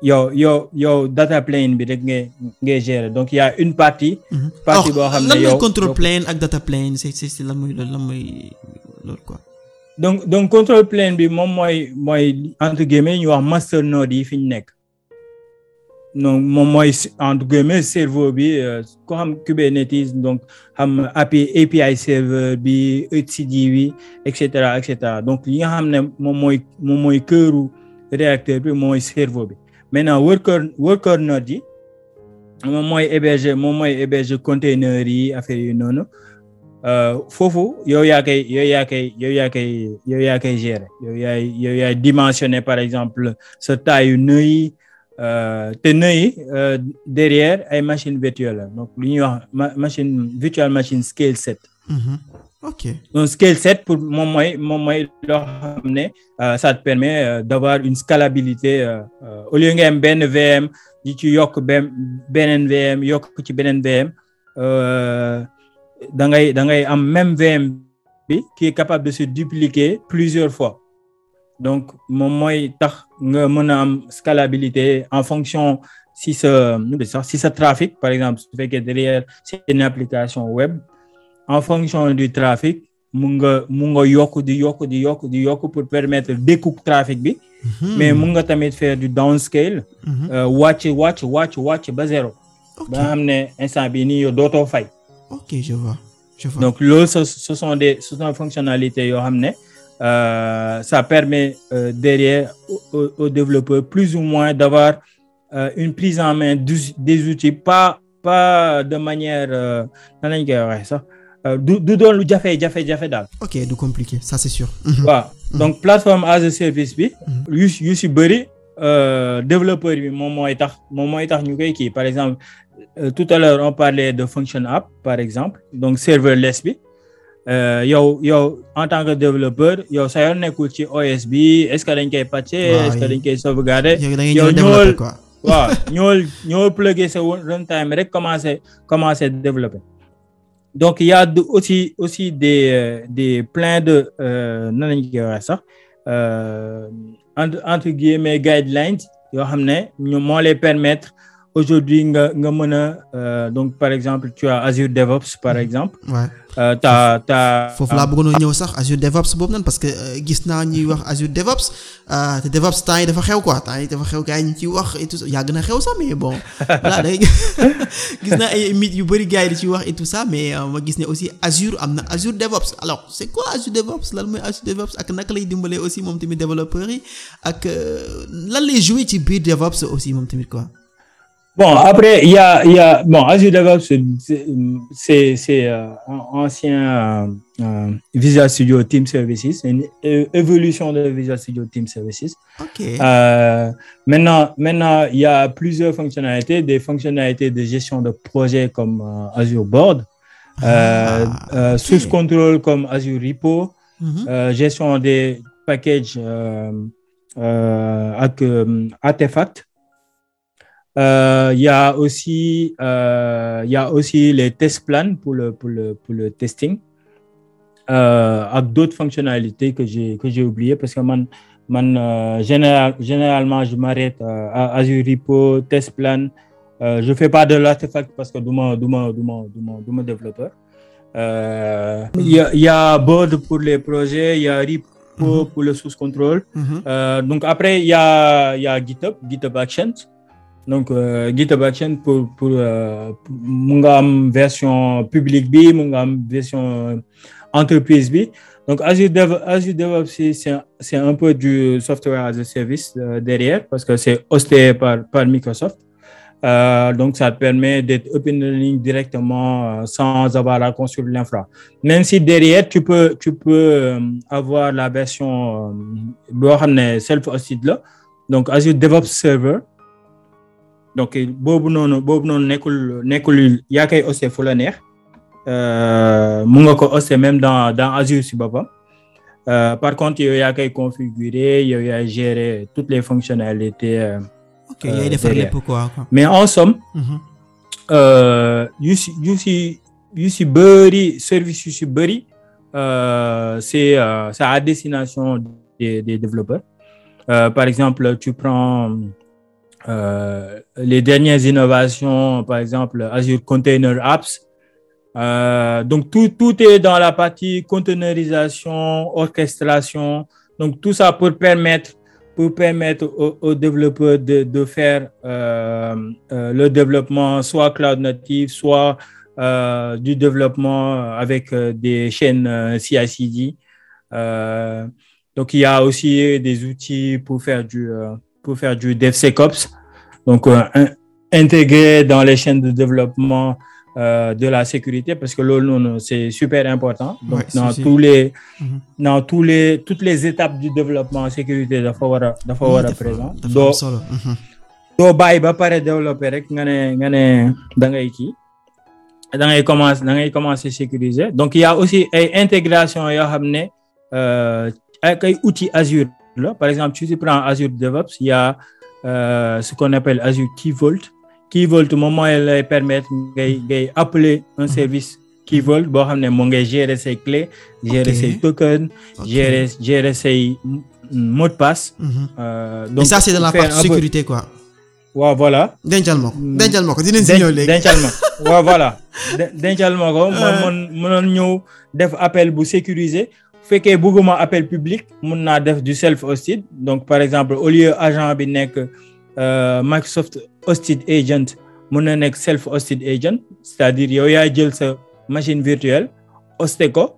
yow yow data plane bi rek ngay ngay gérer donc y une partie. Mhm. partie boo xam ne yow lan mooy control plane ak data plane c'est c'est lan mooy lan mooy loolu donc control plane bi moom mooy mooy entre guillemets ñu wax master yi fi ñu nekk. donc moom mooy entre guillemets cerveau bi euh, ko xam Kubernetes donc xam API API serveur bi etcd bi et cetera et donc li nga xam ne moom mooy moom mooy réacteur bi mooy cerveau bi maintenant worker worker node yi moom mooy héberger moom mooy héberger yi affaire yi noonu euh, foofu yow yaa koy yow yaa koy yow yow yaa koy gérer yow yaay yow yaay dimensionner par exemple sa taayu nœud Euh, te nœud yi euh, derrière ay machine virtuelle la lu ñuy wax machine virtual machine scale set. Mm-hmm. ok set pour moom mooy moom mooy loo xam ne euh, ça te permet d'avoir une scalabilité au lieu nga am benn VM di ci yokk benn beneen VM yokk ci beneen VM da ngay da ngay am même VM bi qui est capable de se dupliquer plusieurs fois. donc moom mooy tax nga mën a am scalabilité en fonction si sa si sa trafic par exemple su fekkee derrière c'est une application web en fonction du trafic mun nga mun nga yokk di yokk di yokk di yokk pour permettre découpe trafic bi mhm. mais mun nga tamit faire du downscale mhm. euh, wàcc wàcc wàcc wàcc ba zéro ba nga xam ne instant bi ni yow dootoo fay ok je vois donc loolu ce ce sont des yoo xam ne Euh, ça permet euh, derrière aux, aux, plus ou moins d'avoir euh, une prise en main des, des outils, pas, pas de manière... Euh, nan lañ koy waxee sax euh, du du doon jafe-jafe-jafe daal. ok du compliqué ça c'est sûr. Mhm. donc plateforme as a service bi. yu mhm. yu si bëri euh, développeur bi moom mooy tax moom mooy tax ñu koy kii par exemple tout à l'heure on parlait de function app par exemple donc serverless bi. Euh, yow yow en tant que développeur yow sa yoon nekkul ci OS bi est-ce que dañ koy patcher est-ce que dañ koy sauvegarder yow ñool waaw ñool ñool plugger sa runtime rek commencé commencer développer donc ya y a aussi euh, de des euh, des plein de nanañ lañ koy waxee sax entre entre guillemets guidelines yoo xam ne ñoom moo permettre aujourd'hui nga nga mën a euh, donc par exemple tu as Azure DevOps par mhm. exemple. waa taa taa. foofu laa bëggoon ñëw sax Azure DevOps boobu noonu parce que euh, gis naa ñuy wax Azure DevOps euh, te DevOps temps yi dafa xew quoi temps yi dafa xew gars yi ñu ciy wax et yàgg na xew sax mais bon voilà day gis naa ay mythes yu bari gars yi di ciy wax et tout ça mais ma gis ne aussi asur am na Azure DevOps alors c'est quoi Azure DevOps lan mooy Azure DevOps ak naka lay dimbalee aussi moom tamit développeurs yi ak lan lay jouer ci biir DevOps aussi moom tamit quoi. Bon, après, il y a, y a. Bon, Azure DevOps, c'est euh, ancien euh, euh, Visual Studio Team Services, une évolution de Visual Studio Team Services. Euh, maintenant, il a plusieurs fonctionnalités, des fonctionnalités de gestion de projet comme euh, Azure Board, ah, okay. comme Azure Repo, mm -hmm. gestion des packages avec artefacts. Euh, il y a aussi euh, il y a aussi les test plans pour le pour le pour le testing euh, ak d'autres fonctionnalités que j'ai que j'ai oubliées parce que man man général généralement je m'arrête à Azure Repo test plan euh, je fais pas de l'artefact parce que du ma du ma du ma du ma du ma développeur. Il euh, y a y a Board pour les projets, il y a Repo mm -hmm. pour le source control. Mm -hmm. euh, donc après il y a il y a GitHub, GitHub Actions. donc euh, GitHub pour euh, pour mu nga am version publique bi mu nga am version euh, entreprise bi donc Azure Dev Azure c'est un peu du software as a service derrière parce que c'est hosté par par Microsoft. Euh, donc, ça te permet d'être open learning directement sans avoir à construire l'infra. Même si derrière, tu peux, tu peux euh, avoir la version self-hosted Server, donc boobu noonu boobu noonu nekkul nekkul yaa koy osé fu la neex euh, mu nga ko osé même dans dans Azure si boppam euh, par contre yow yaa koy configurer yow yaa gérer toutes les fonctionnalités. Euh, quoi. mais en somme. Mhm. Euh, yu si yu si yu service yu si bëri c'est c'est à destination des développeurs par exemple tu prends. euh, les dernières innovations, par exemple Azure Container Apps. Euh, donc tout, tout est dans la partie containerisation, orchestration. Donc tout ça pour permettre pour permettre aux, de, de faire euh, euh, le développement soit cloud native, soit euh, du développement avec euh, des chaînes CI/CD. donc il y a aussi des outils pour faire du pour faire du DevSecOps, donc euh, dans les chaînes de développement euh, de la sécurité, parce que l'eau, c'est super important. Donc, ouais, mhm. dans, tous les, mm les, toutes les étapes du développement en sécurité, il faut être présent. Mhm. doo bàyyi ba pare développer rek nga ne nga ne da ngay kii da ngay commencer da ngay commencer donc il y a aussi intégration yoo xam ne euh, ak ay là. Par exemple, si tu prends Azure DevOps, il y a euh, ce qu'on appelle Azure Key Vault. Key Vault, au moment où elle lay permettre d'appeler un mhm. service Key Vault, bon, on gérer ses clés, gérer okay. ses tokens, okay. gérer, gérer ses mots de passe. Mm -hmm. sécurité, quoi. waaw voilà. dencal ma ko mm. dencal ma ko dinañ si ñëw léegi ko waaw voilà dencal ma ko. mënoon ñëw def appel bu sécurisé. fekkee bëgguma appel public mun naa def du self hosted donc par exemple au lieu agent bi nekk euh, Microsoft hosted agent mun na nekk self hosted agent c'est-à-dire yow yaa jël sa machine virtuelle hosté ko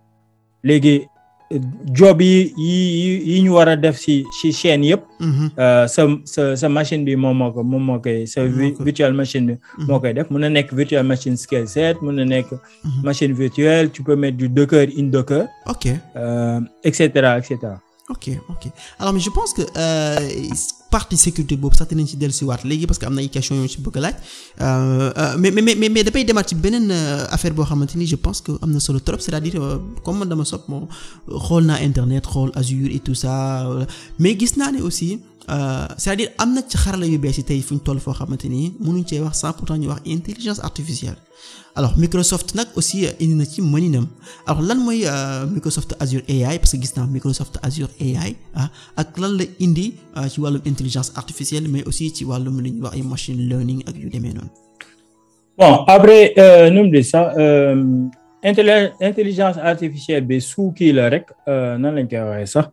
job yi yi yi ñu war a def si si chaîne yëpp. Mhm. Euh, sa sa sa machine bi moom moo ko moom moo koy sa virtual machine bi. Mhm. moo koy def mun na nekk virtual machine scale set mun na nekk. Mhm. machine virtuelle tu peux mettre du Docker in Docker. ok euh, et cetera et partie sécurité boobu sax dinañ ci dellusiwaat léegi parce que am na ay questions yoo ci bëgg a laaj euh, euh, mais mais mais mais demaat ci beneen euh, affaire boo xamante ni je pense que am na solo trop c'est-à-dire comme man dama sopp moom xool naa internet xool Azure et tout ça mais gis naa ne aussi c'est-à-dire am na ci xarala yu bees yi tey fu ñu toll foo xamante ni mënuñ cee wax sans pourtant ñu wax intelligence artificielle alors Microsoft nag aussi indi na ci mëninam alors lan mooy Microsoft Azure AI parce que gis naa Microsoft Azure AI ah ak lan la intelligence artificielle mais aussi ci wàllum li ñuy wax ay machine learning ak yu demee noonu. bon après euh, nu mu di sax euh, intelligence artificielle bi sous kii la rek euh, nan lañ koy waxee sax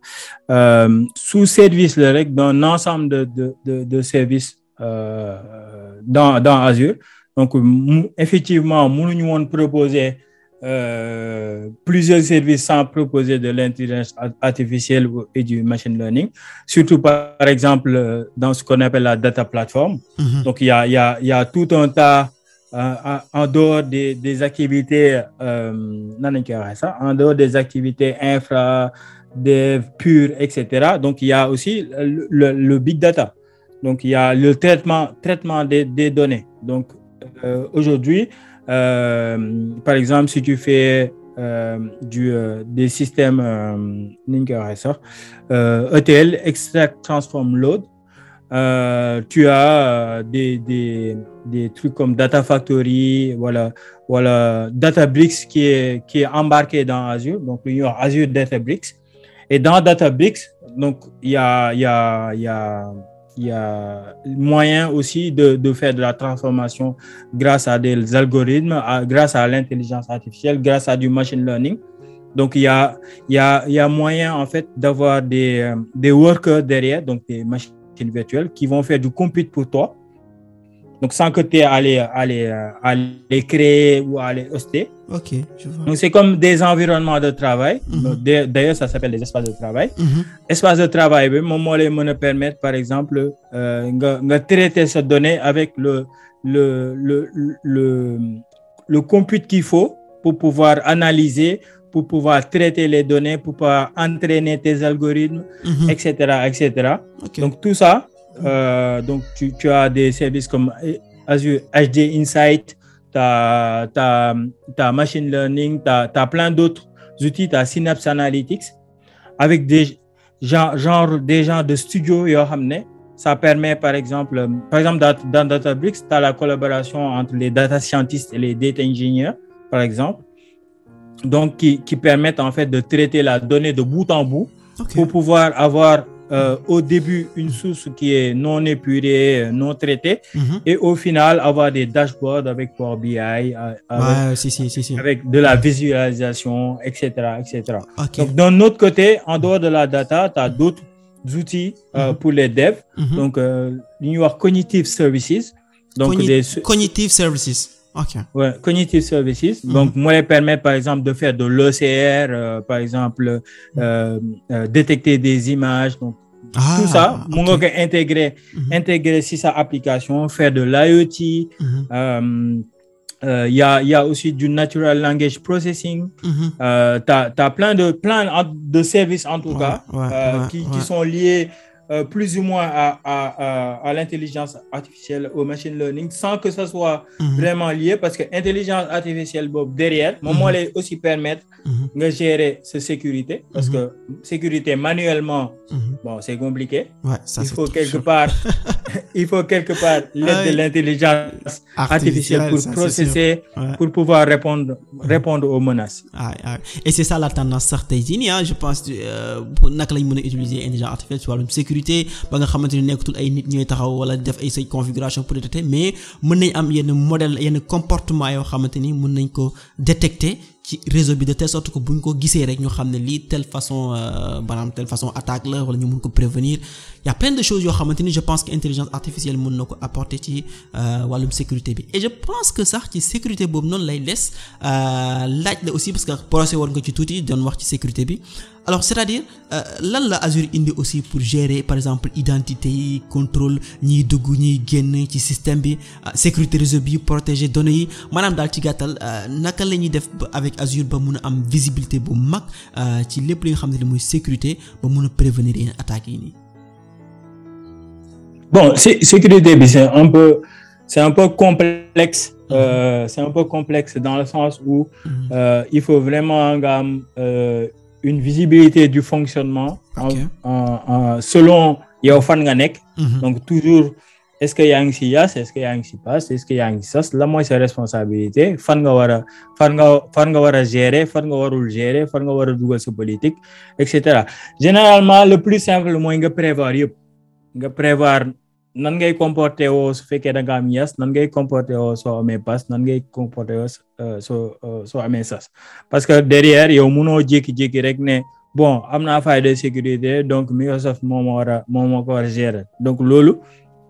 sous service la rek dans ensemble de de de de services dans dans Azure donc effectivement mënuñu woon proposer. euh, plusieurs services sans proposer de l'intelligence artificielle et du machine learning. Surtout, par exemple, euh, dans ce qu'on appelle la data platform. Mm -hmm. Donc, il y a, y, a, y a, tout un tas, euh, en dehors des, des activités, euh, non, ça, en dehors des activités infra, dev, pure, etc. Donc, il y a aussi le, le, big data. Donc, il y a le traitement, des, des données. Donc, euh, aujourd'hui, Euh, par exemple si tu fais euh, du euh, des systèmes ni ñu koy waxee sax ETL e extract transform load tu as des des des trucs comme Data Factory voilà voilà Databricks qui est qui est embarqué dans Azure donc lu ñuy wax Azure Databricks et dans Databricks donc il y a il y a il y a il y a moyen aussi de, de, faire de la transformation grâce à des algorithmes, à, grâce à l'intelligence artificielle, grâce à du machine learning. Donc, il y a, il y a, il y a moyen, en fait, d'avoir des, euh, des workers derrière, donc des machines virtuelles, qui vont faire du compute pour toi. Donc, sans que tu aies à les, à les, euh, à les créer ou à les hoster. Ok, je vois. Donc, c'est comme des environnements de travail. Mm -hmm. D'ailleurs, ça s'appelle des espaces de travail. Mm -hmm. Espace de travail, bi moom moo lay a permettre, par exemple, euh, nga nga traiter sa donnée avec le le le le le compute qu'il faut pour pouvoir analyser, pour pouvoir traiter les données, pour pouvoir entraîner tes algorithmes, mhm. etc., Donc, tout ça, euh, donc tu, as des services comme euh, Azure HD Insight, tu as, as, machine learning, tu as, as, plein d'autres outils, tu as Synapse Analytics, avec des, genre, genre des de studio, ça permet par exemple, par exemple dans Databricks, tu as la collaboration entre les data scientists et les data engineers, par exemple, donc qui, qui permettent en fait de traiter la donnée de bout en bout pour pouvoir avoir euh, au début une source qui est non épurée, non traitée, mm -hmm. et au final avoir des dashboards avec Power BI, euh, avec, ouais, si, si, si, avec de la visualisation, etc. etc. Okay. Donc d'un autre côté, en dehors de la data, tu as d'autres outils mm -hmm. euh, mhm. pour les devs, mm -hmm. donc euh, New York Cognitive Services. Donc Cogni des... Cognitive Services. Okay. Ouais, cognitive services. Mm -hmm. Donc, moi, permet, par exemple, de faire de l'OCR, euh, par exemple, euh, mhm. euh, euh, détecter des images. Donc, ah, tout ça, mon intégrer, mm intégrer si sa application, faire de l'IoT. Il mm a, aussi du natural language processing. Mhm. tu as, de, services, en tout cas, qui, sont liés Euh, plus ou moins à, à, à, l'intelligence artificielle, au machine learning, sans que ça soit mhm. vraiment lié, parce que intelligence artificielle, Bob, derrière, moi, mm -hmm. aussi permettre mm -hmm. de gérer sa sécurité, parce mhm. que sécurité manuellement, mhm. bon, c'est compliqué. Ouais, il faut quelque sûr. part, il faut quelque part ah l'aide ouais. de l'intelligence artificielle pour processer, pour pouvoir répondre, aux menaces. Ah, ah Et c'est ça la tendance certaine. Hein, je pense, euh, pour nous utiliser intelligence artificielle, sécurité ba nga xamante ni nekkatul ay nit ñooy taxaw wala def ay say configuration pour détecter mais mën nañ am yenn modèle yenn comportement yoo xamante ni mën nañ ko détecter ci réseau bi de telle sorte que bu ñu ko gisee rek ñu xam ne lii telle façon euh, maanaam telle façon attaque la wala ñu mun ko prévenir y a de choses yoo xamante ni je pense que intelligence artificielle mën na ko apporter ci euh, wàllum sécurité bi et je pense que sax ci sécurité boobu noonu lay des euh, laaj la aussi parce que procès woon nga ci tuuti doon wax ci sécurité bi alors c'est-à-dire euh, lan la Azure indi aussi pour gérer par exemple identité yi contrôle ñiy dugg ñiy génn ci système bi ah, sécurité réseau bi protéger données yi maanaam daal ci gàttal euh, naka la ñuy def avec Azure ba mun a am visibilité bu mag euh, ci lépp li nga xam ne mooy sécurité ba mun a prévenir yenn attaques yi nii. bon sécurité bi c'est un peu c'est un peu complexe. Euh, mm-hmm. c'est un peu complexe dans le sens où mm-hmm. il faut vraiment nga am. une visibilité du fonctionnement. Okay. En, en, selon yow fan nga nekk. Mhm. donc toujours est-ce que yaa ngi si yaas est-ce que yaa ngi si paas est-ce que yaa ngi si sas la mooy sa responsabilité fan nga war a fan nga fan nga war a gérer fan nga warul gérer fan nga war a dugal sa politique et cetera généralement le plus simple mooy nga prévoir yëpp nga prévoir. nan ngay comporté woo su fekkee da nga am yas nan ngay comporté woo soo amee bas nan ngay comporté woo euh, soo euh, soo amee sas parce que derrière yow munoo jékki-jékki rek ne bon am naa faille de sécurité donc Microsoft moo ma war a moo ko war a gérer donc loolu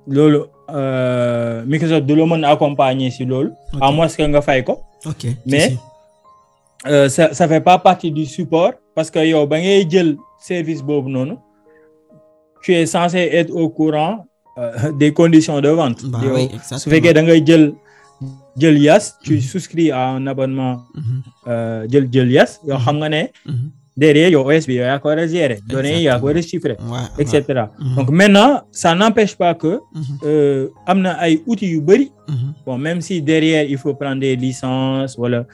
loolu euh, Microsoft du la mën accompagner si loolu à moins que nga fay ko mais ça ça fait pas partie du support parce que yow ba ngay jël service boobu noonu tu es censé être au courant Euh, des conditions de vente. yow su fekkee da ngay jël jël yas. tu mhm. souscris à abonnement. Mhm. Euh, jël jël yas yow xam nga ne. Mhm. derrière yow OS bi yow yaa ko war a gérer. données yi yaa et cetera donc maintenant ça n'empêche pas que. Euh, am na ay outils yu bëri. même si derrière il faut prendre des licences wala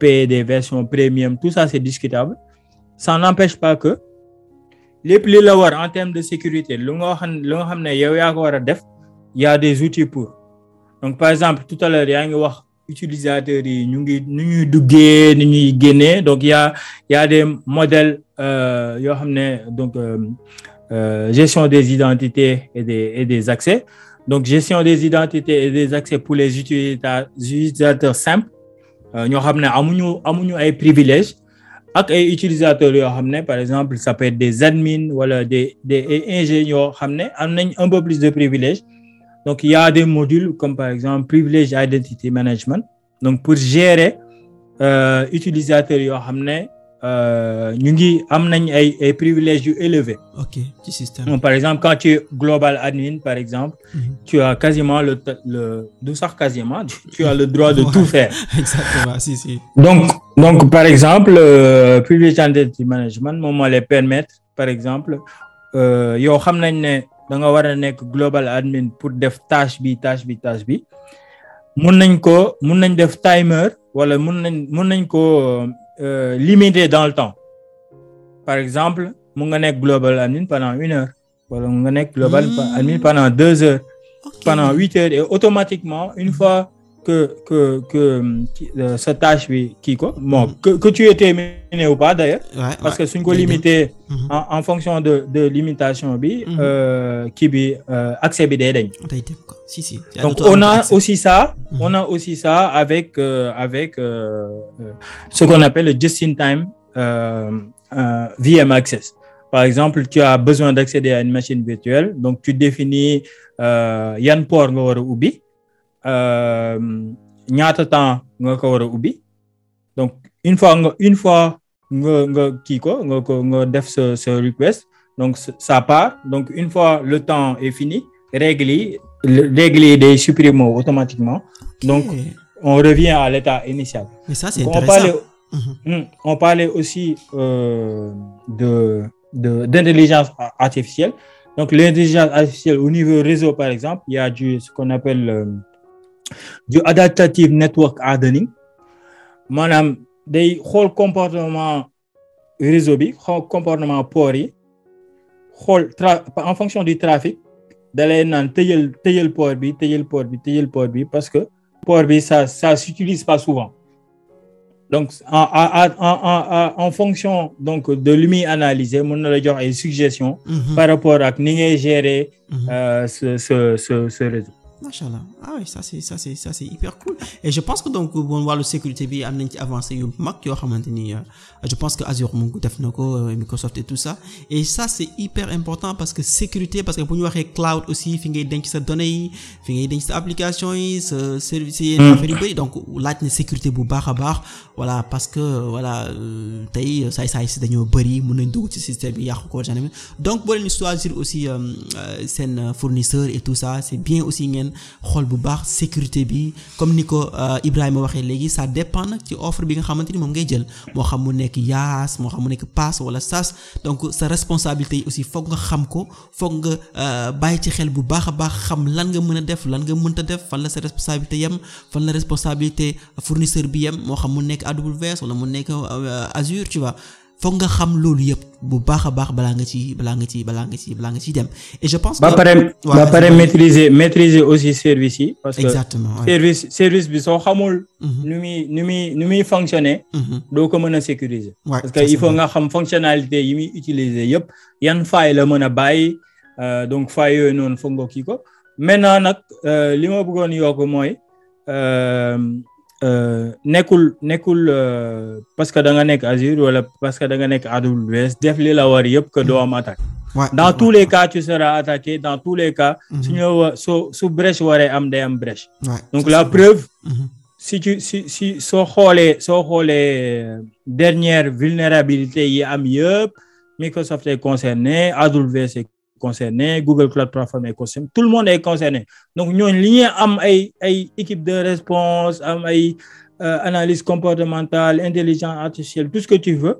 payer des versions premium tout ça c'est discutable ça n'empêche pas que. lépp li la war en termes de sécurité lu nga xam lu xam ne yow yaa ko war a def ya des outils pour donc par exemple tout à l'heure yaa ngi wax utilisateurs yi ñu ngi nu ñuy duggee ni ñuy génnee donc y a a des modèles euh, yoo xam ne donc euh, euh, gestion des identités et des et des accès donc gestion des identités et des accès pour les utilisateurs simples euh, ñoo xam ne amuñu amuñu ay privilèges ak ay utilisateurs yoo xam ne par exemple ça peut être des admins wala des des ingénieurs yoo xam ne am nañ un peu plus de privilèges donc il y a des modules comme par exemple privilege identity management donc pour gérer euh, utilisateurs yoo xam ne Euh, ñu ngi am nañ ay ay privilèges yu élevés. par exemple quand tu es global admin par exemple. Mm tu as quasiment le le du sax quasiment tu as le droit de tout faire. exactement si si. donc donc par exemple euh, privilège identity management moom moo lay permettre par exemple euh, yow xam nañ ne danga nga war a nekk global admin pour def tâche bi tâche bi tâche bi mun nañ ko mun nañ def timer wala mun nañ mun nañ ko euh, limité dans le temps par exemple mu nga nekk global admin pendant une heure wala mu nga nekk global admin hmm. pendant deux heures pendant huit heures et automatiquement une fois que que que euh, euh, bi kii ko bon mm-hmm. que tu aies terminé ou pas d'ailleurs parce que suñ ko limité mm-hmm. en, en fonction de de limitation bi mm-hmm. euh, kii bi accès bi day dañ donc on a accès. aussi ça mm -hmm. on a aussi avec avec ce qu'on appelle le time euh, access par exemple tu as besoin d'accéder à une machine virtuelle donc tu définis yan port nga war a ubbi Euh, ñaata temps nga ko war donc une fois nga une fois nga nga kii ko nga ko nga def sa sa donc ça part donc une fois le temps est fini règle yi règle yi day automatiquement donc on revient à l'état initial. ça c'est mhm. hmm, On parlait, aussi euh, de de d'intelligence artificielle. Donc l'intelligence artificielle au niveau réseau par exemple, il y a du ce qu'on appelle euh, du adaptative network hardening maanaam day xool comportement réseau bi xool comportement port yi xool tra en fonction du trafic da lay naan tëjal tëjal port bi tëjal port bi tëjal port bi parce que port bi ça ça s'utilise pas souvent donc en en en en fonction donc de lu muy analyser mën na la jox ay suggestions. Mhm. par rapport ak ni ngay gérer. Mhm. Euh, ce réseau. machallah ah oui ça c'est ça c'est hyper cool et je pense que donc bon wàllu sécurité bi am nañ ci avancé yu mag yoo xamante ni euh, je pense euh, parce que sécurité parce que bu fi sa données yi fi ngay denc sa application yi sa hmm. laaj na bu baax a baax voilà parce que voilà euh, tey saay saay si dañoo bëri mën nañ dugg ci système yi yàqu ko aussi seen fournisseur et tout ça c'est bien aussi ngeen ngeen xool bu baax sécurité bi comme ni ko euh, Ibrahima waxee léegi ça dépend nag ci offre bi nga xamante ni moom ngay jël moo xam mu nekk yaas moo xam mu nekk paas wala sas donc sa responsabilité yi aussi foog nga xam ko foog nga euh, bàyyi ci xel bu baax a baax xam lan nga mën a def lan nga mënta def fan la sa responsabilité yam fan la responsabilité fournisseur bi yem moo xam mu nekk AWS wala mu nekk euh, Azure tu foog nga xam loolu yëpp bu baax a baax balaa nga ci balaa nga ci balaa nga ci balaa nga ciy dem je pense. ba pare ba pare maîtriser maîtriser aussi service yi. parce que service service bi soo xamul. Mhm. nu muy nu muy nu muy fonctionner. Mhm. doo ko mën a sécuriser. parce que il faut nga xam fonctionnalité yi muy utiliser yëpp yan faille la mën a bàyyi euh, donc faille yooyu noonu fo nga kii ko maintenant nag euh, li ma bëggoon yokk mooy. Euh, Euh, nekkul nekkul euh, parce que da nekk Azure wala parce que da nga nekk AWS def la war yëpp que doo am attaque. Mm-hmm. dans tous les cas tu seras attaqué dans tous les cas. su mm-hmm. ñu soo am day am brèche. donc la preuve. Mm-hmm. si tu si si soo xoolee soo xoolee euh, dernière vulnérabilité yi am yëpp Microsoft est concerné AWS est concerné Google Cloud Platform est concerné tout le monde est concerné donc ñooñu li ñuy am ay ay équipe de réponse am ay euh, analyse comportementale intelligence artificielle tout ce que tu veux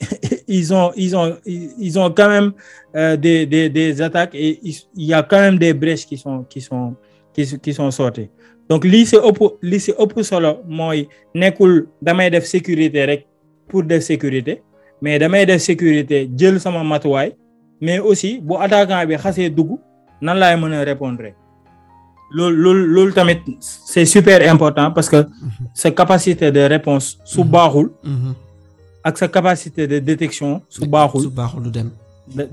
ils ont ils ont ils ont quand même euh, des des des attaques et il y a quand même des brèches qui sont qui sont qui sont, qui sont sorties donc lii si ëpp solo mooy nekkul damay def sécurité rek pour def sécurité mais damay def sécurité jël sama matuwaay mais aussi bu attaquant bi xasee dugg nan laay mën a répondre loolu loolu loolu tamit c'est super important parce que sa capacité de réponse su baaxul ak sa capacité de détection su baaxul su baaxul du dem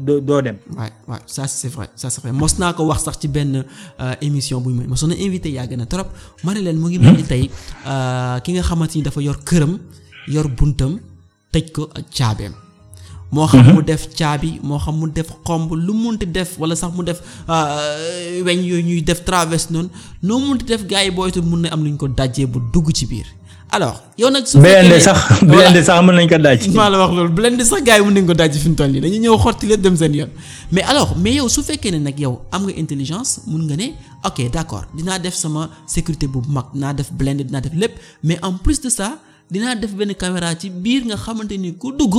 doo doo dem waay waay ça c'est vrai ça c'est vrai mos naa ko wax sax ci benn euh, émission bu ñu mosoon na invité yàgg na trop ma ne leen mu ngi mel ni tey euh, ki nga xamante ni dafa yor këram yor buntam tëj ko ak caabeem moo xam mhm. mu def caabi moo xam mu def xomb lu munti def wala sax mu def euh, weñ yooyu ñuy def traverse noonu noo munti def gars boo booytu mun na am lu ñu ko dajjee bu dugg ci biir alors yow nag su blende sax blende sax mën nañ ko daj maa la wax loolu blende sax gars yi mën nañ ko daj fi mu toll nii ñëw xotti lépp dem seen yoon mais yow su fekkee ne nag yow am nga intelligence mun nga ne ok d'accord dinaa def sama sécurité bu mag dinaa def blende dinaa def lépp mais en plus de ça dinaa def benn caméra ci biir nga xamante ni ku dugg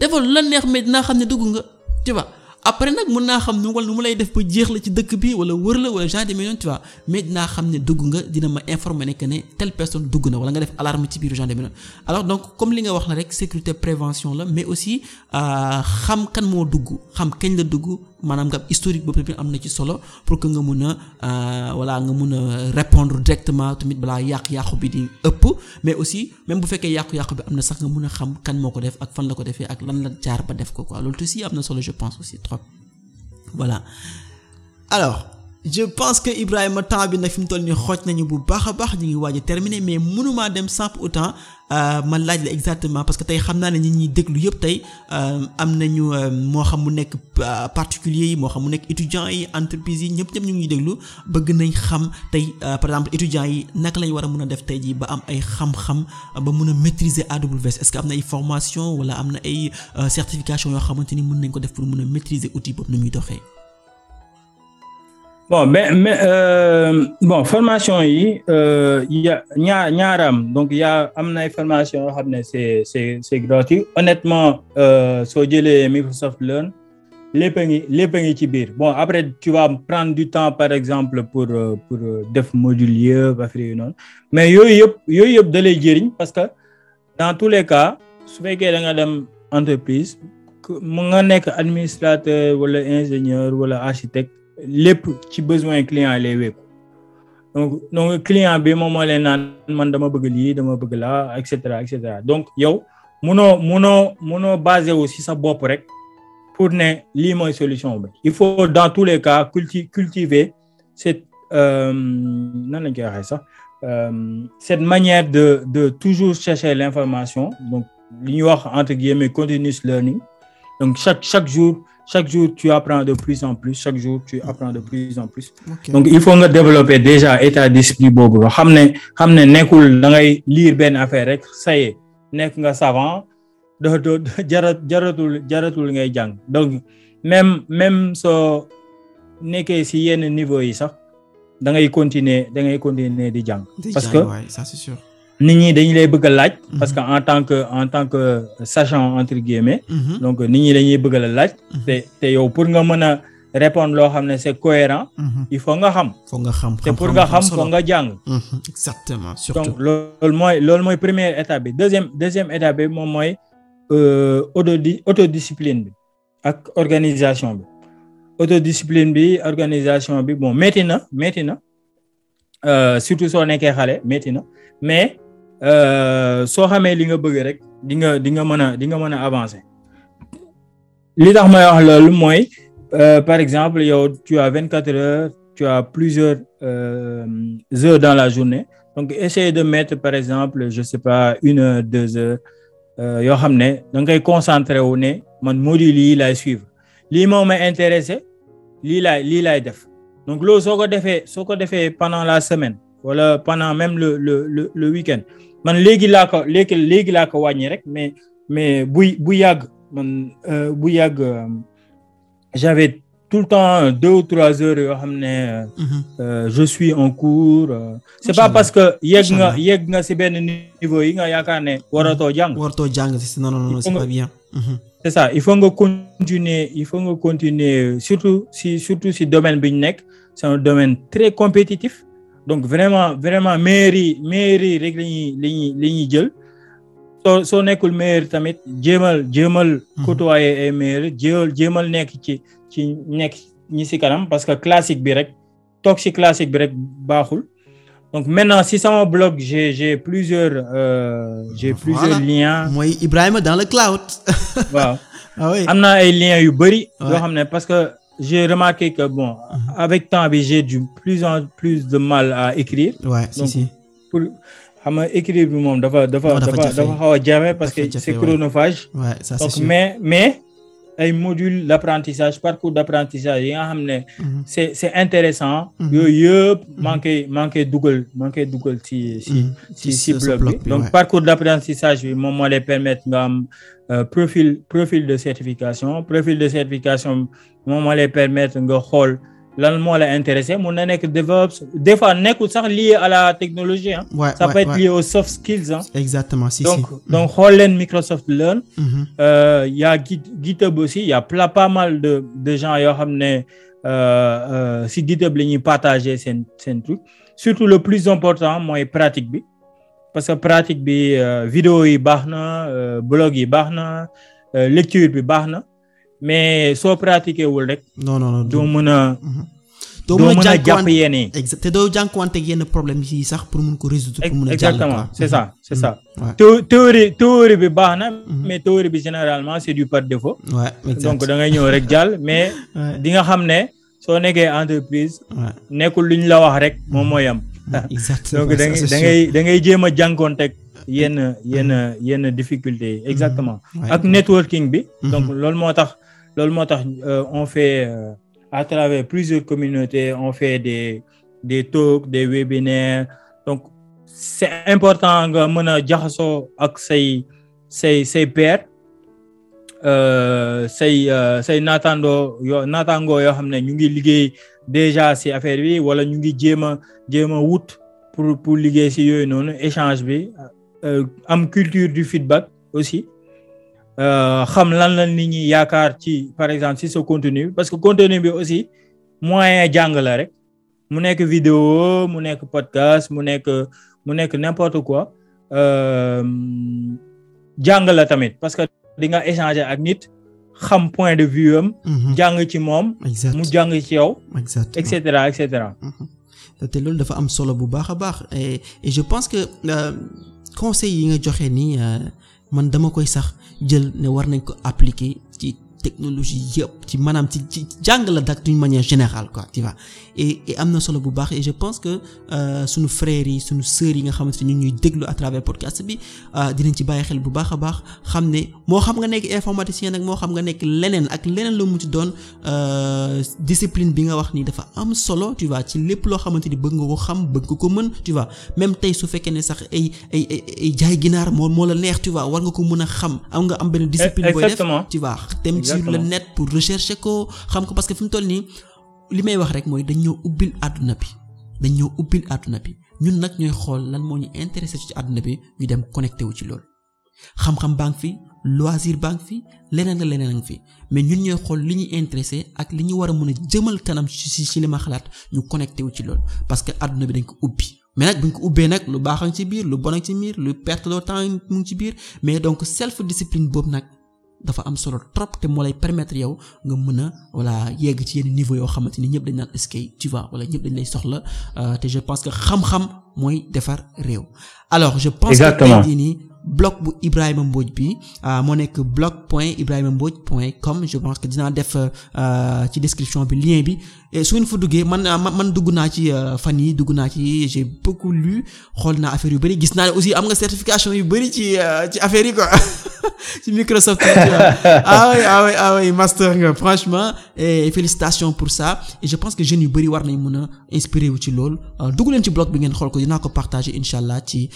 defal lu la neex mais dinaa xam ne dugg nga tu vois après nag mun naa xam nu wala nu ma lay def ba jeex la ci dëkk bi wala wër la wala genre de mel noonu tu vois mais dinaa xam ne dugg nga dina ma informer ne que ne telle personne dugg na wala nga def alarme ci biir genre de mel noonu alors donc comme li nga wax la rek sécurité prévention la mais aussi euh, xam kan moo dugg xam kañ la dugg. maanaam nga historique boobu tamit am na ci solo pour que nga mun a euh, voilà nga mun a répondre directement tamit balaa yàq-yàqu bi di ëpp mais aussi même bu fekkee yàqu-yàqu bi am na sax nga mun a xam kan moo ko def ak fan la ko defee ak lan la jaar ba def ko quoi loolu aussi am na solo je pense aussi trop voilà alors je pense que Ibrahima temps bi nag fi mu toll nii xooj nañu bu baax a baax ñu ngi waaj a terminer mais mënumaa dem sans pour Euh, ma laaj la exactement parce que tey xam naa ne ñi ñuy déglu yëpp tey euh, am nañu euh, moo xam mu nekk particulier yi moo xam mu nekk étudiants yi entreprise yi ñëpp ñëpp ñu ngi déglu bëgg nañ xam tey par exemple étudiants yi naka lañ war a mun a def tey jii ba am ay xam-xam ba mun a maîtriser AWS est-ce que am na ay formation wala am na ay certification yoo xamante ni mun nañ ko def pour mën a maîtriser outil boobu nu muy doxee bon mais mais euh, bon formation yi euh, y ñaar ñaaram donc y a am na ay formation yoo xam ne c'est c'est c'est gratuit honnêtement euh, soo jëlee Microsoft Learn lépp a ngi lépp ngi ci biir bon après tu vas prendre du temps par exemple pour euh, pour euh, def module yëpp affaire yi noonu mais yooyu yëpp yooyu yëpp da jëriñ parce que dans tous les cas su fekkee da nga dem entreprise mu nga nekk administrateur wala ingénieur wala architecte lépp ci besoin client yi lay wékku donc client bi moom moo leen naan man dama bëgg lii dama bëgg laa et cetera et cetera donc yow munoo munoo munoo basé wu si sa bopp rek pour ne lii mooy solution bi il faut dans tous les cas culti cultiver cette euh, nan lañ koy waxee sax euh, cette manière de de toujours chercher l'information donc li ñuy wax entre guillemets continuous learning donc chaque jour chaque jour tu apprends de plus en plus chaque jour tu apprends de plus en plus okay. donc il faut nga développer déjà état d'esprit boobu loo xam ne xam ne nekkul da ngay lire benn affaire rek ça y est nekk nga savant dootoo jarat jaratul jaratul ngay jàng donc même même soo nekkee si yenn niveau yi sax da ngay continuer da ngay continuer di jàng parce que ouais, ça nit ñi dañu lay bëgg a laaj. Mhm. parce que en tant que en tant que sachant entre guillemets. Mhm. donc nit ñi dañuy bëgg la laaj. Mhm. te yow pour nga mën a répondre loo xam ne est cohérent. il faut nga xam. faut nga xam te pour nga xam faut nga jàng. exactement surtout donc loolu mooy loolu mooy première étape bi deuxième deuxième étape bi moom mooy euh, autodiscipline bi ak organisation bi autodiscipline bi organisation bi bon métti na métti na euh, surtout soo nekkee xale métti na mais. Euh, soo xamee li nga bëgg rek di nga di nga mën a di nga mën a avancer li tax may wax loolu mooy euh, par exemple yow tu as vingt quatre heures tu as plusieurs euh, heures dans la journée donc essayer de mettre par exemple je sais pas une heure deux heures euh, yoo xam ne da ngay concentré wu ne man module lii laay suivre lii moo ma intéressé lii laay lii laay def donc loolu soo ko defee soo ko defee pendant la semaine wala voilà, pendant même le le le le man léegi laa ko léegi léegi laa ko wàññi rek mais mais bu bu yàgg man euh, bu yàgg euh, j'avais tout le temps deux ou trois heures yoo xam ne. Mhm. Euh, je suis en cours. c'est pas parce que yegg nga yegg nga si benn niveau yi nga yaakaar ne waratoo jàng. Mhm. waratoo jàng si non non mhm. c'est ça il faut nga continuer il faut nga continuer surtout si surtout si domaine bi nekk c'est un domaine très compétitif. donc vraiment vraiment maire yi maire yi rek la ñuy la ñuy la ñuy jël soo soo nekkul maire tamit jéemal jéemal mhm. côtoyer ay maire jéemal nekk ci ci nekk ñi si kanam parce que classique bi rek toog si classique bi rek baaxul donc maintenant si sama blog j'ai j'ai plusieurs euh, j'ai liens mooy Ibrahima dans le cloud waaw ah am ay liens yu bëri yoo xam ne parce que j'ai remarqué que, bon, uh-huh. avec le temps, j'ai de plus en plus de mal à écrire. Ouais, Donc, Pour, xam nga écrire bi moom dafa dafa dafa dafa parce que c'est chronophage. Ouais, mais mais ay module d' apprentissage parcours d' apprentissage yi nga xam ne mhm. c' est c' est intéressant mhm. yooyu yëpp manqué manqué dugal manqué dugal ci ci mhm. ci ci bloc bi donc parcours d' apprentissage bi moom moo lay nga am euh, profil de certification profil de certification moom moo lay nga xool lan moo la intéressé mun na nekk DevOps des fois nekkul sax lié à la technologie ah. Ouais, ça ouais, peut lié aux soft skills exactement si donc si. Mm. donc xool leen Microsoft Learn. ya -hmm. euh, y a Git aussi y a pas mal de de gens yoo xam ne euh, euh, si GitHub la ñuy partager seen seen surtout le plus important mooy pratique bi parce que pratique bi euh, vidéo yi baax na blog yi baax na lecture bi baax na. mais soo pratiqué wul rek. non no non mhm. doo mën a. doo mën a jàpp yenn yi te doo jànkuwanteeg yenn problème yi sax pour mun ko résoudre. pour mun a jàll exactement c'est ça mhm. c'est ça. Mhm. bi baax na. mais théorie bi généralement c'est du par défaut. donc da ngay ñëw rek jàll mais. di nga xam ne soo nekkee entreprise. nekkul lu ñu la wax rek moom mooy am. exactement donc da ngay da ngay da ngay jéem a jànkuwanteeg yenn yenn yenn difficultés yi. exactement ak networking bi. donc loolu moo tax. loolu moo tax euh, on fait euh, à travers plusieurs communautés on fait des des talks des webinaires donc c'est important nga mën a jaxasoo ak say say say père euh, say say naataandoo yoo naataangoo yoo xam ne ñu ngi liggéey déjà si affaire bi wala ñu ngi jéem a jéem a wut pour pour liggéey ci yooyu noonu échange bi am culture du feedback aussi Euh, xam lan la nit ñi yaakaar ci par exemple si sa contenu bi parce que contenu bi aussi moyen jàng la rek mu nekk vidéo mu nekk podcast mu nekk mu nekk n'importe quoi euh, jàng la tamit parce que di nga échanger ak nit xam point de vue am. Mhm. jàng ci moom. mu jàng ci yow. et cetera et cetera. Mhm. te loolu dafa am solo bu baax a baax et je pense que euh, conseil yi nga joxe nii. man dama koy sax jël ne war nañ ko appliquer ci technologie yëpp ci maanaam ci ci jàng la dak d'une manière générale quoi tu vois am na solo bu baax et je pense que euh, suñu frères yi suñu sœurs yi nga xamante ni ñu ñuy déglu à travers podcast bi euh, dinañ ci bàyyi xel bu baax a baax xam ne moo xam nga nekk informaticien nag moo xam nga nekk leneen ak leneen la mu ci doon euh, discipline bi nga wax ni dafa am solo tu ci lépp loo xamante ni bëgg nga ko xam bëgg nga ko mën tu vois tey su fekkee ne sax ay ay ay jaay ginaar moo moo la sur le net pour rechercher ko xam ko parce que toll nii li may wax rek mooy dañ ñoo ubbil àdduna bi dañ ñoo ubbil àdduna bi ñun nag ñooy xool lan moo ñu intéressé ci àdduna bi ñu dem connecté wu ci loolu xam-xam fi loisir baa ngi leneen leneen a fi mais ñun ñooy xool li ñuy intéressé ak li ñu war a mën a jëmal kanam ci ci li xalaat ñu connecté wu ci lool parce que àdduna bi dañ ko ubbi mais nag buñ ko ubbee nag lu baax ci biir lu bon a ngi ci biir lu perte de temps mu ngi ci biir mais donc self discipline boobu nag dafa am solo trop te moo lay permettre yow nga mën a voilà yegg ci yenn niveau yoo xamante ni ñëpp dañ naan eskay tu vois wala ñëpp dañ lay soxla euh, te je pense que xam-xam mooy defar réew. alors je pense Exactement. que tey jii nii blog bu Ibrahima mbóoj bi euh, moo nekk blog point Ibrahima Mbodj point com je pense que dinaa def euh, ci description bi lien bi su ngeen fa duggee man ah, man dugg naa ci euh, fan yi dugg naa ci j'ai beaucoup lu xool naa affaire yu bëri gis naa ne aussi am nga certification yu bëri ci euh, ci affaire yi quoi ci Microsoft ah oui ah oui ah oui master nga franchement et félicitations pour ça et je pense que jeunes yu bëri war nañ mën a inspiré wu ci lool euh, dugg leen ci blog bi ngeen xool ko dinaa ko partager incha allah ci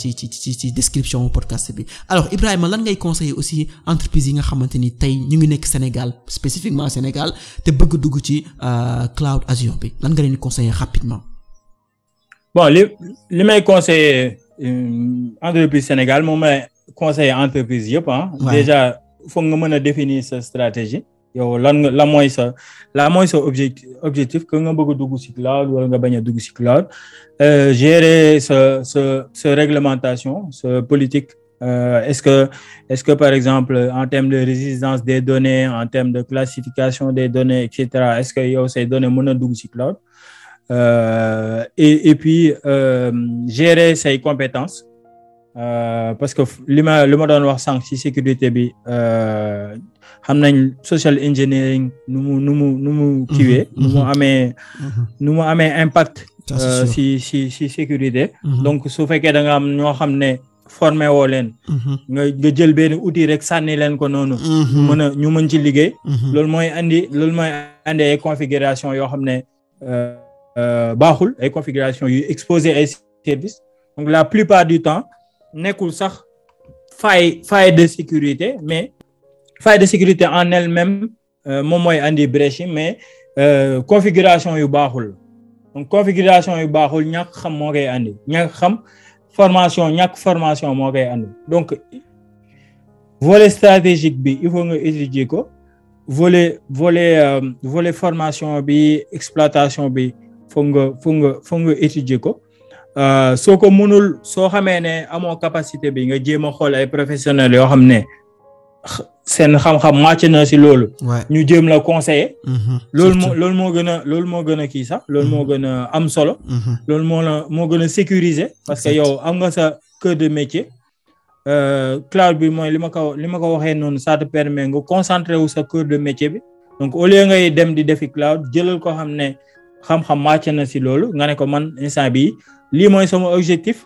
ci ci ci description podcast bi alors Ibrahima lan ngay conseiller aussi entreprise yi nga xamante ni tey ñu ngi nekk Sénégal spécifiquement Sénégal te bëgg dugg ci. cloud Azure bi lan nga leen di conseiller rapidement. bon li li may conseiller euh, entreprise Sénégal moom conseiller entreprise yëpp ah. déjà foog nga mën a définir sa stratégie. yow lan la mooy sa la mooy sa objectif objectif que nga bëgg a dugg si cloud wala nga bañ a dugg ci cloud euh, gérer sa sa sa réglementation sa politique. Euh, est-ce que, est par exemple, en termes de résistance des données, en terme de classification des données, etc., est-ce que yow say données mën na dugg ci cloud euh, et et puis euh, gérer say euh, parce que li ma li ma doon wax sànq si sécurité bi euh, xam nañ social engineering nu mu nu mu nu mu kiwee mm-hmm, mm-hmm. nu mu amee mm-hmm. amee impact. si si si donc su fekkee da nga formé woo leen. Mhm. nga nga jël benn outil rek sànni leen ko noonu. Mhm. mën a ñu mën ci liggéey. Mhm. loolu mooy andi loolu mooy andi ay configuration yoo xam ne euh, euh, baaxul ay configuration yu exposé ay service donc la plupart du temps nekkul sax faille faille de sécurité mais faille de sécurité en elle-même euh, moom mooy andi brèche mais configuration yu baaxul configuration yu baaxul ñàkk xam moo andi ñàkk xam. formation ñàkk formation moo koy donc volet stratégique bi il faut nga étudier ko volet volet euh, formation bi exploitation bi foog nga fo nga foog nga étudier ko euh, soo ko mënul soo xamee ne amoo capacité bi nga jéem a xool ay professionnels yoo xam ne seen xam-xam màcc na si loolu. ñu jéem la conseiller. Mm-hmm. loolu moo loolu moo gën a loolu moo gën a kii sax. loolu moo mm-hmm. gën a am solo. Mm-hmm. loolu moo la moo gën a sécuriser. parce que yow am nga sa cœur de métier. Euh, cloud bi mooy li ma ko li ma ko waxee noonu ça te permet nga concentrer wu sa cœur de métier bi. donc au lieu ngay dem di defi cloud jëlal ko xam ne xam-xam màcc na si loolu nga ne ko man instant bi lii mooy sama objectif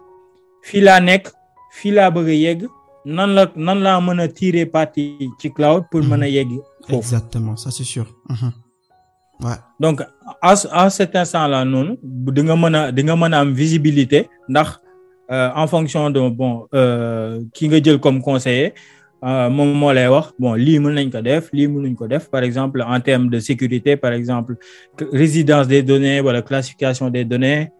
fii laa nekk fii laa bëgg a yegg. nan la nan laa mën a tirer parti ci cloud pour mën a mhm. yegg foofu exactement ça c'est sûr mhm. donc à à cet instant la noonu di nga mën a di nga mën a am visibilité ndax euh, en fonction de bon euh, ki nga jël comme conseiller euh, moom moo lay wax bon lii mën nañ ko def lii mënuñ ko def par exemple en termes de sécurité par exemple résidence des données wala voilà, classification des données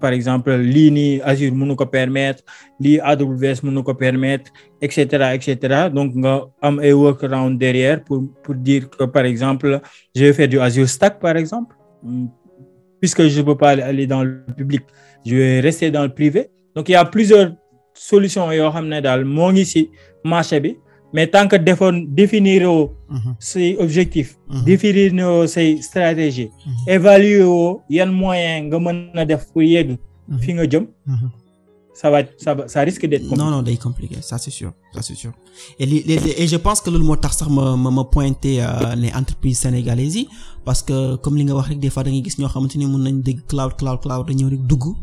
par exemple lii nii Azure mënu ko permettre lii AWS mënu ko permettre et cetera et cetera donc nga am ay workaround derrière pour pour dire que par exemple je vais faire du Azure Stack par exemple hmm. puisque je ne peux pas aller dans le public je vais rester dans le privé donc il a plusieurs solutions yoo xam ne daal moo ngi ci marché bi mais tant que defoon définir woo mhm. say objectif mhm. définir woo say stratégie mhm. évaluer woo yan moyen nga mën a def pour yegg fi nga jëm ça va ça va risque d'être compliqué. non non day compliqué ça c'est sûr ça c'est sûr je pense que loolu moo tax sax ma ma ma pointé euh, les entreprises sénégalaises yi parce que comme li nga wax rek des fois da ngay gis ñoo xamante ni mun nañ dégg cloud cloud cloud dañëw rek dugg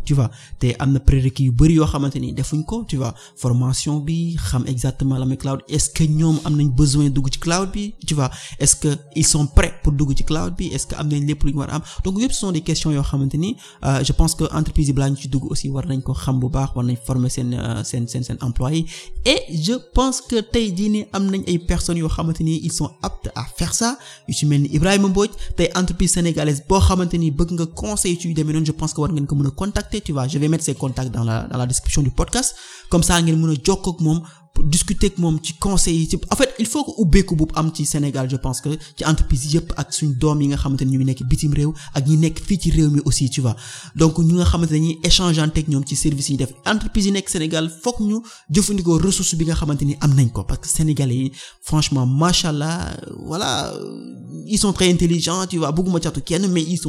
te am na prérequis yu bëri yoo xamante ni defuñ ko tu vois formation bi xam exactement la muy cloud est-ce que ñoom am nañ besoin dugg ci cloud bi tu vois est que ils sont prêts pour dugg ci cloud bi est-ce que am nañ lépp lu war a am donc yëpp ce sont des yoo xamante ni euh, je pense que entreprise yi balaa ñu ci dugg aussi war nañ ko xam bu baax war nañ euh, seen seen seen seen pense que tey jii nii am nañ ay personnes yoo xamante ni ils sont aptes à faire ça mel ni Ibrahima Mbodj tey entreprise sénégalaise boo xamante ni bëgg nga conseil ci yu noonu je pense que war ngeen ko mën a contacter tu vois je vais mettre contacts dans la dans la description du podcast comme ça ngeen mën a jokkoo ak moom discuter ak moom ci conseil ci en fait il faut que ubbeeku boobu am ci Sénégal je pense que ci entreprise yëpp ak suñ doom yi nga xamante ñu nekk bitim réew ak ñi nekk fii ci réew mi aussi tu donc ñu nga xamante ne dañuy échanger ñoom ci service yi def entreprise yi nekk Sénégal fokk ñu jëfandikoo ressource bi nga xamante ni am nañ ko parce que Sénégalais yi franchement macha allah voilà ils sont très intelligents tu bëgguma catu kenn mais ils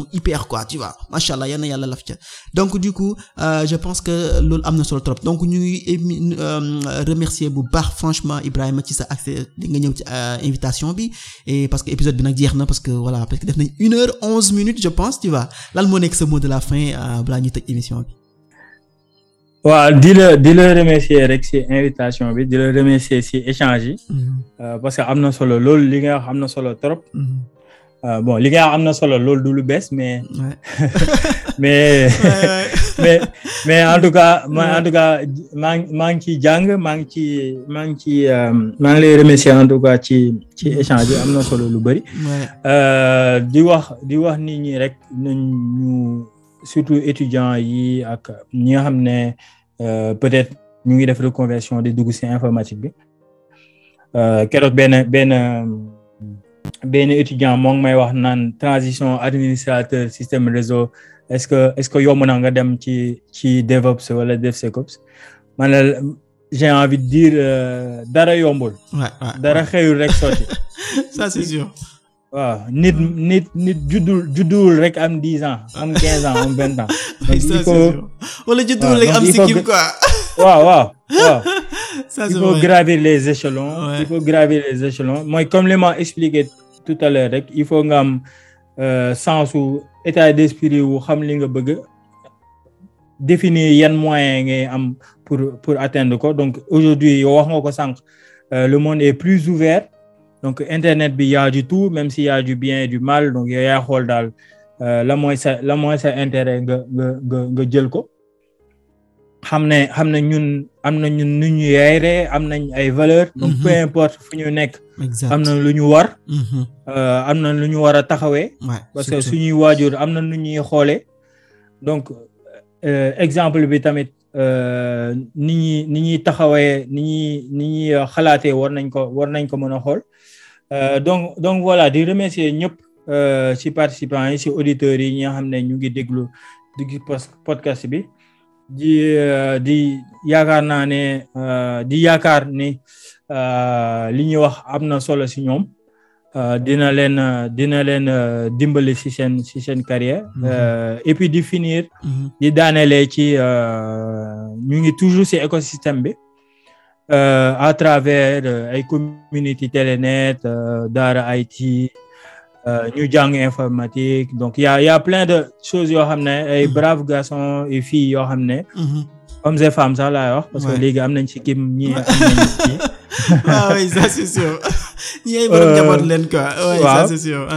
bu baax franchement Ibrahima ci sa accès di nga ñëw ci euh, invitation bi parce que épisode bi nag jeex na parce que voilà parce que def nañ une heure onze minutes je pense tu vois lan moo nekk sa mot de la fin euh, balaa ñuy tëj émission bi. di la remercier rek ci invitation bi di la remercier ci échange mm-hmm. euh, parce que am na solo loolu li nga wax am na solo trop. Mm-hmm. bon li nga wax na solo loolu du lu bees mais. mais. mais mais en tout cas ma en tout cas maa ngi maa ngi ciy jàng maa ngi ci maa ngi ci euh, maa ngi lay remercier en tout cas ci ci échange bi am na solo lu bëri euh, di wax di wax nit ñi rek nañ ñu surtout étudiants yi ak ñi nga xam ne euh, peut-être ñu ngi def reconversion di dugg ci informatique bi keroog benn benn benn étudiant moo ngi may wax naan transition administrateur système réseau est-ce que est-ce que yomb na nga dem ci ci DevOps wala DevSecOps man la j'ai envie de dire euh, dara yombul. dara xëyul rek sotti. ça c'est sûr. waaw nit nit nit juddul juddul rek am dix ans am quinze ans am vingt ans. donc il faut wala juddul rek am sikkim quoi. waaw waaw waaw. ça c'est vrai il faut gravir les échelons. il faut gravir les échelons mooy comme li ma expliqué tout à l'heure rek il faut nga am. Euh, sens su état d'esprit wu xam li nga bëgg définir yan moyen ngay am pour pour atteindre ko donc aujourd'hui yow wax nga ko sànq euh, le monde est plus ouvert donc internet bi y a tout même s'il y bien et du mal donc yow yaa xool daal euh, la mooy sa la mooy sa intérêt nga nga nga nga jël ko xam ne xam ne ñun am na ñun nu ñu yaayre am nañ ay valeur donc mhm. peu importe fu ñu nekk am na lu ñu war mhm. euh, am na lu ñu war a taxawee parce que suñuy waajur am na nu ñuy xoolee donc euh, exemple bi tamit euh, ni ñi ni ñuy taxawee ni ñuy ni ñuy xalaatee war nañ ko war nañ ko mën a xool donc donc voilà di remercier ñëpp ci participants yi ci auditeurs yi ñi nga xam ne ñu ngi déglu di podcast bi di eh, di yaakaar naa ne eh, di yaakaar ni eh, li ñuy wax am na solo si ñoom dina leen dina leen dimbali si seen si seen carrière mhm. et puis di finir mhm. di daanelee ci ñu ngi toujours si écosystème bi à travers ay community Telenet Daara IT Euh, ñu jàng informatique donc y' a y' a plein de choses yoo xam ne ay mhm. braves garçons et filles yoo xam ne. Mhm. hommes et femmes sax laay wax. parce am nañ ci kim ñi am nañ ci. waaw ah oui ça c'est sûr. ñi ay borom euh, njaboot leen quoi. waaw oui ça c'est sûr.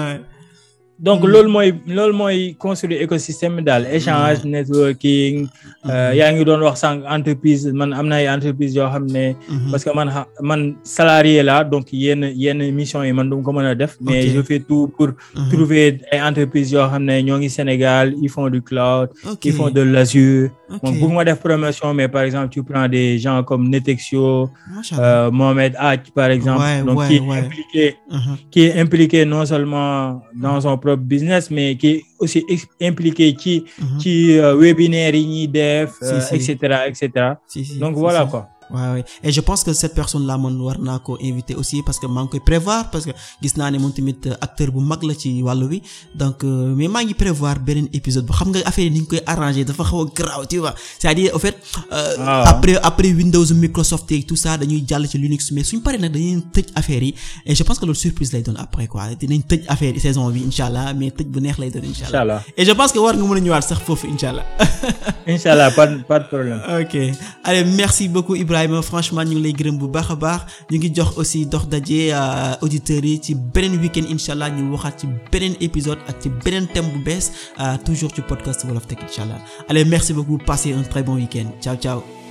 donc mm. loolu mooy loolu mooy construire écosystème daal mm. échange networking mm. euh, yaa ngi doon wax sànq entreprise man am na ay entreprise yoo xam ne mm-hmm. parce que man man salarié la donc yenn yenn mission yi man du ko mën a def mais je fais tout pour mm-hmm. trouver ay entreprise yoo xam ne ñoo ngi Sénégal ils font du cloud ils font de l'Azure moom ma def promotion mais par exemple tu prends des gens comme Netexio euh, Mohamed Hadj par exemple donc mm-hmm. qui est impliqué non seulement dans son wàllu business mais qui aussi impliqué ci. Mhm. ci euh, webinaire yi ñuy def. Euh, et cetera et cetera. donc voilà quoi. waaw e ouais. et je pense que cette personne là man war naa ko inviter aussi parce que maa ngi koy prévoir parce que gis naa ne moom tamit acteur bu mag la ci wàllu wi donc euh, mais maa ngi prévoir beneen épisode bu xam nga affaire yi ni ñu koy arranger dafa xaw a grave tu vois cest à euh, ah. après après Windows Microsoft et tout dañuy jàll ci Linux mais suñ paree nag dañuy tëj affaire yi et je pense que loolu surprise lay doon après quoi dinañ tëj affaire yi Ibrahima franchement ñu ngi lay gërëm bu baax a baax ñu ngi jox aussi dox daje euh, auditeurs yi ci beneen week-end incha allah ñu waxaat ci beneen épisode ak ci beneen thème bu bees euh, toujours ci podcast Wolof Tech incha allah allez merci beaucoup passez un très bon week-end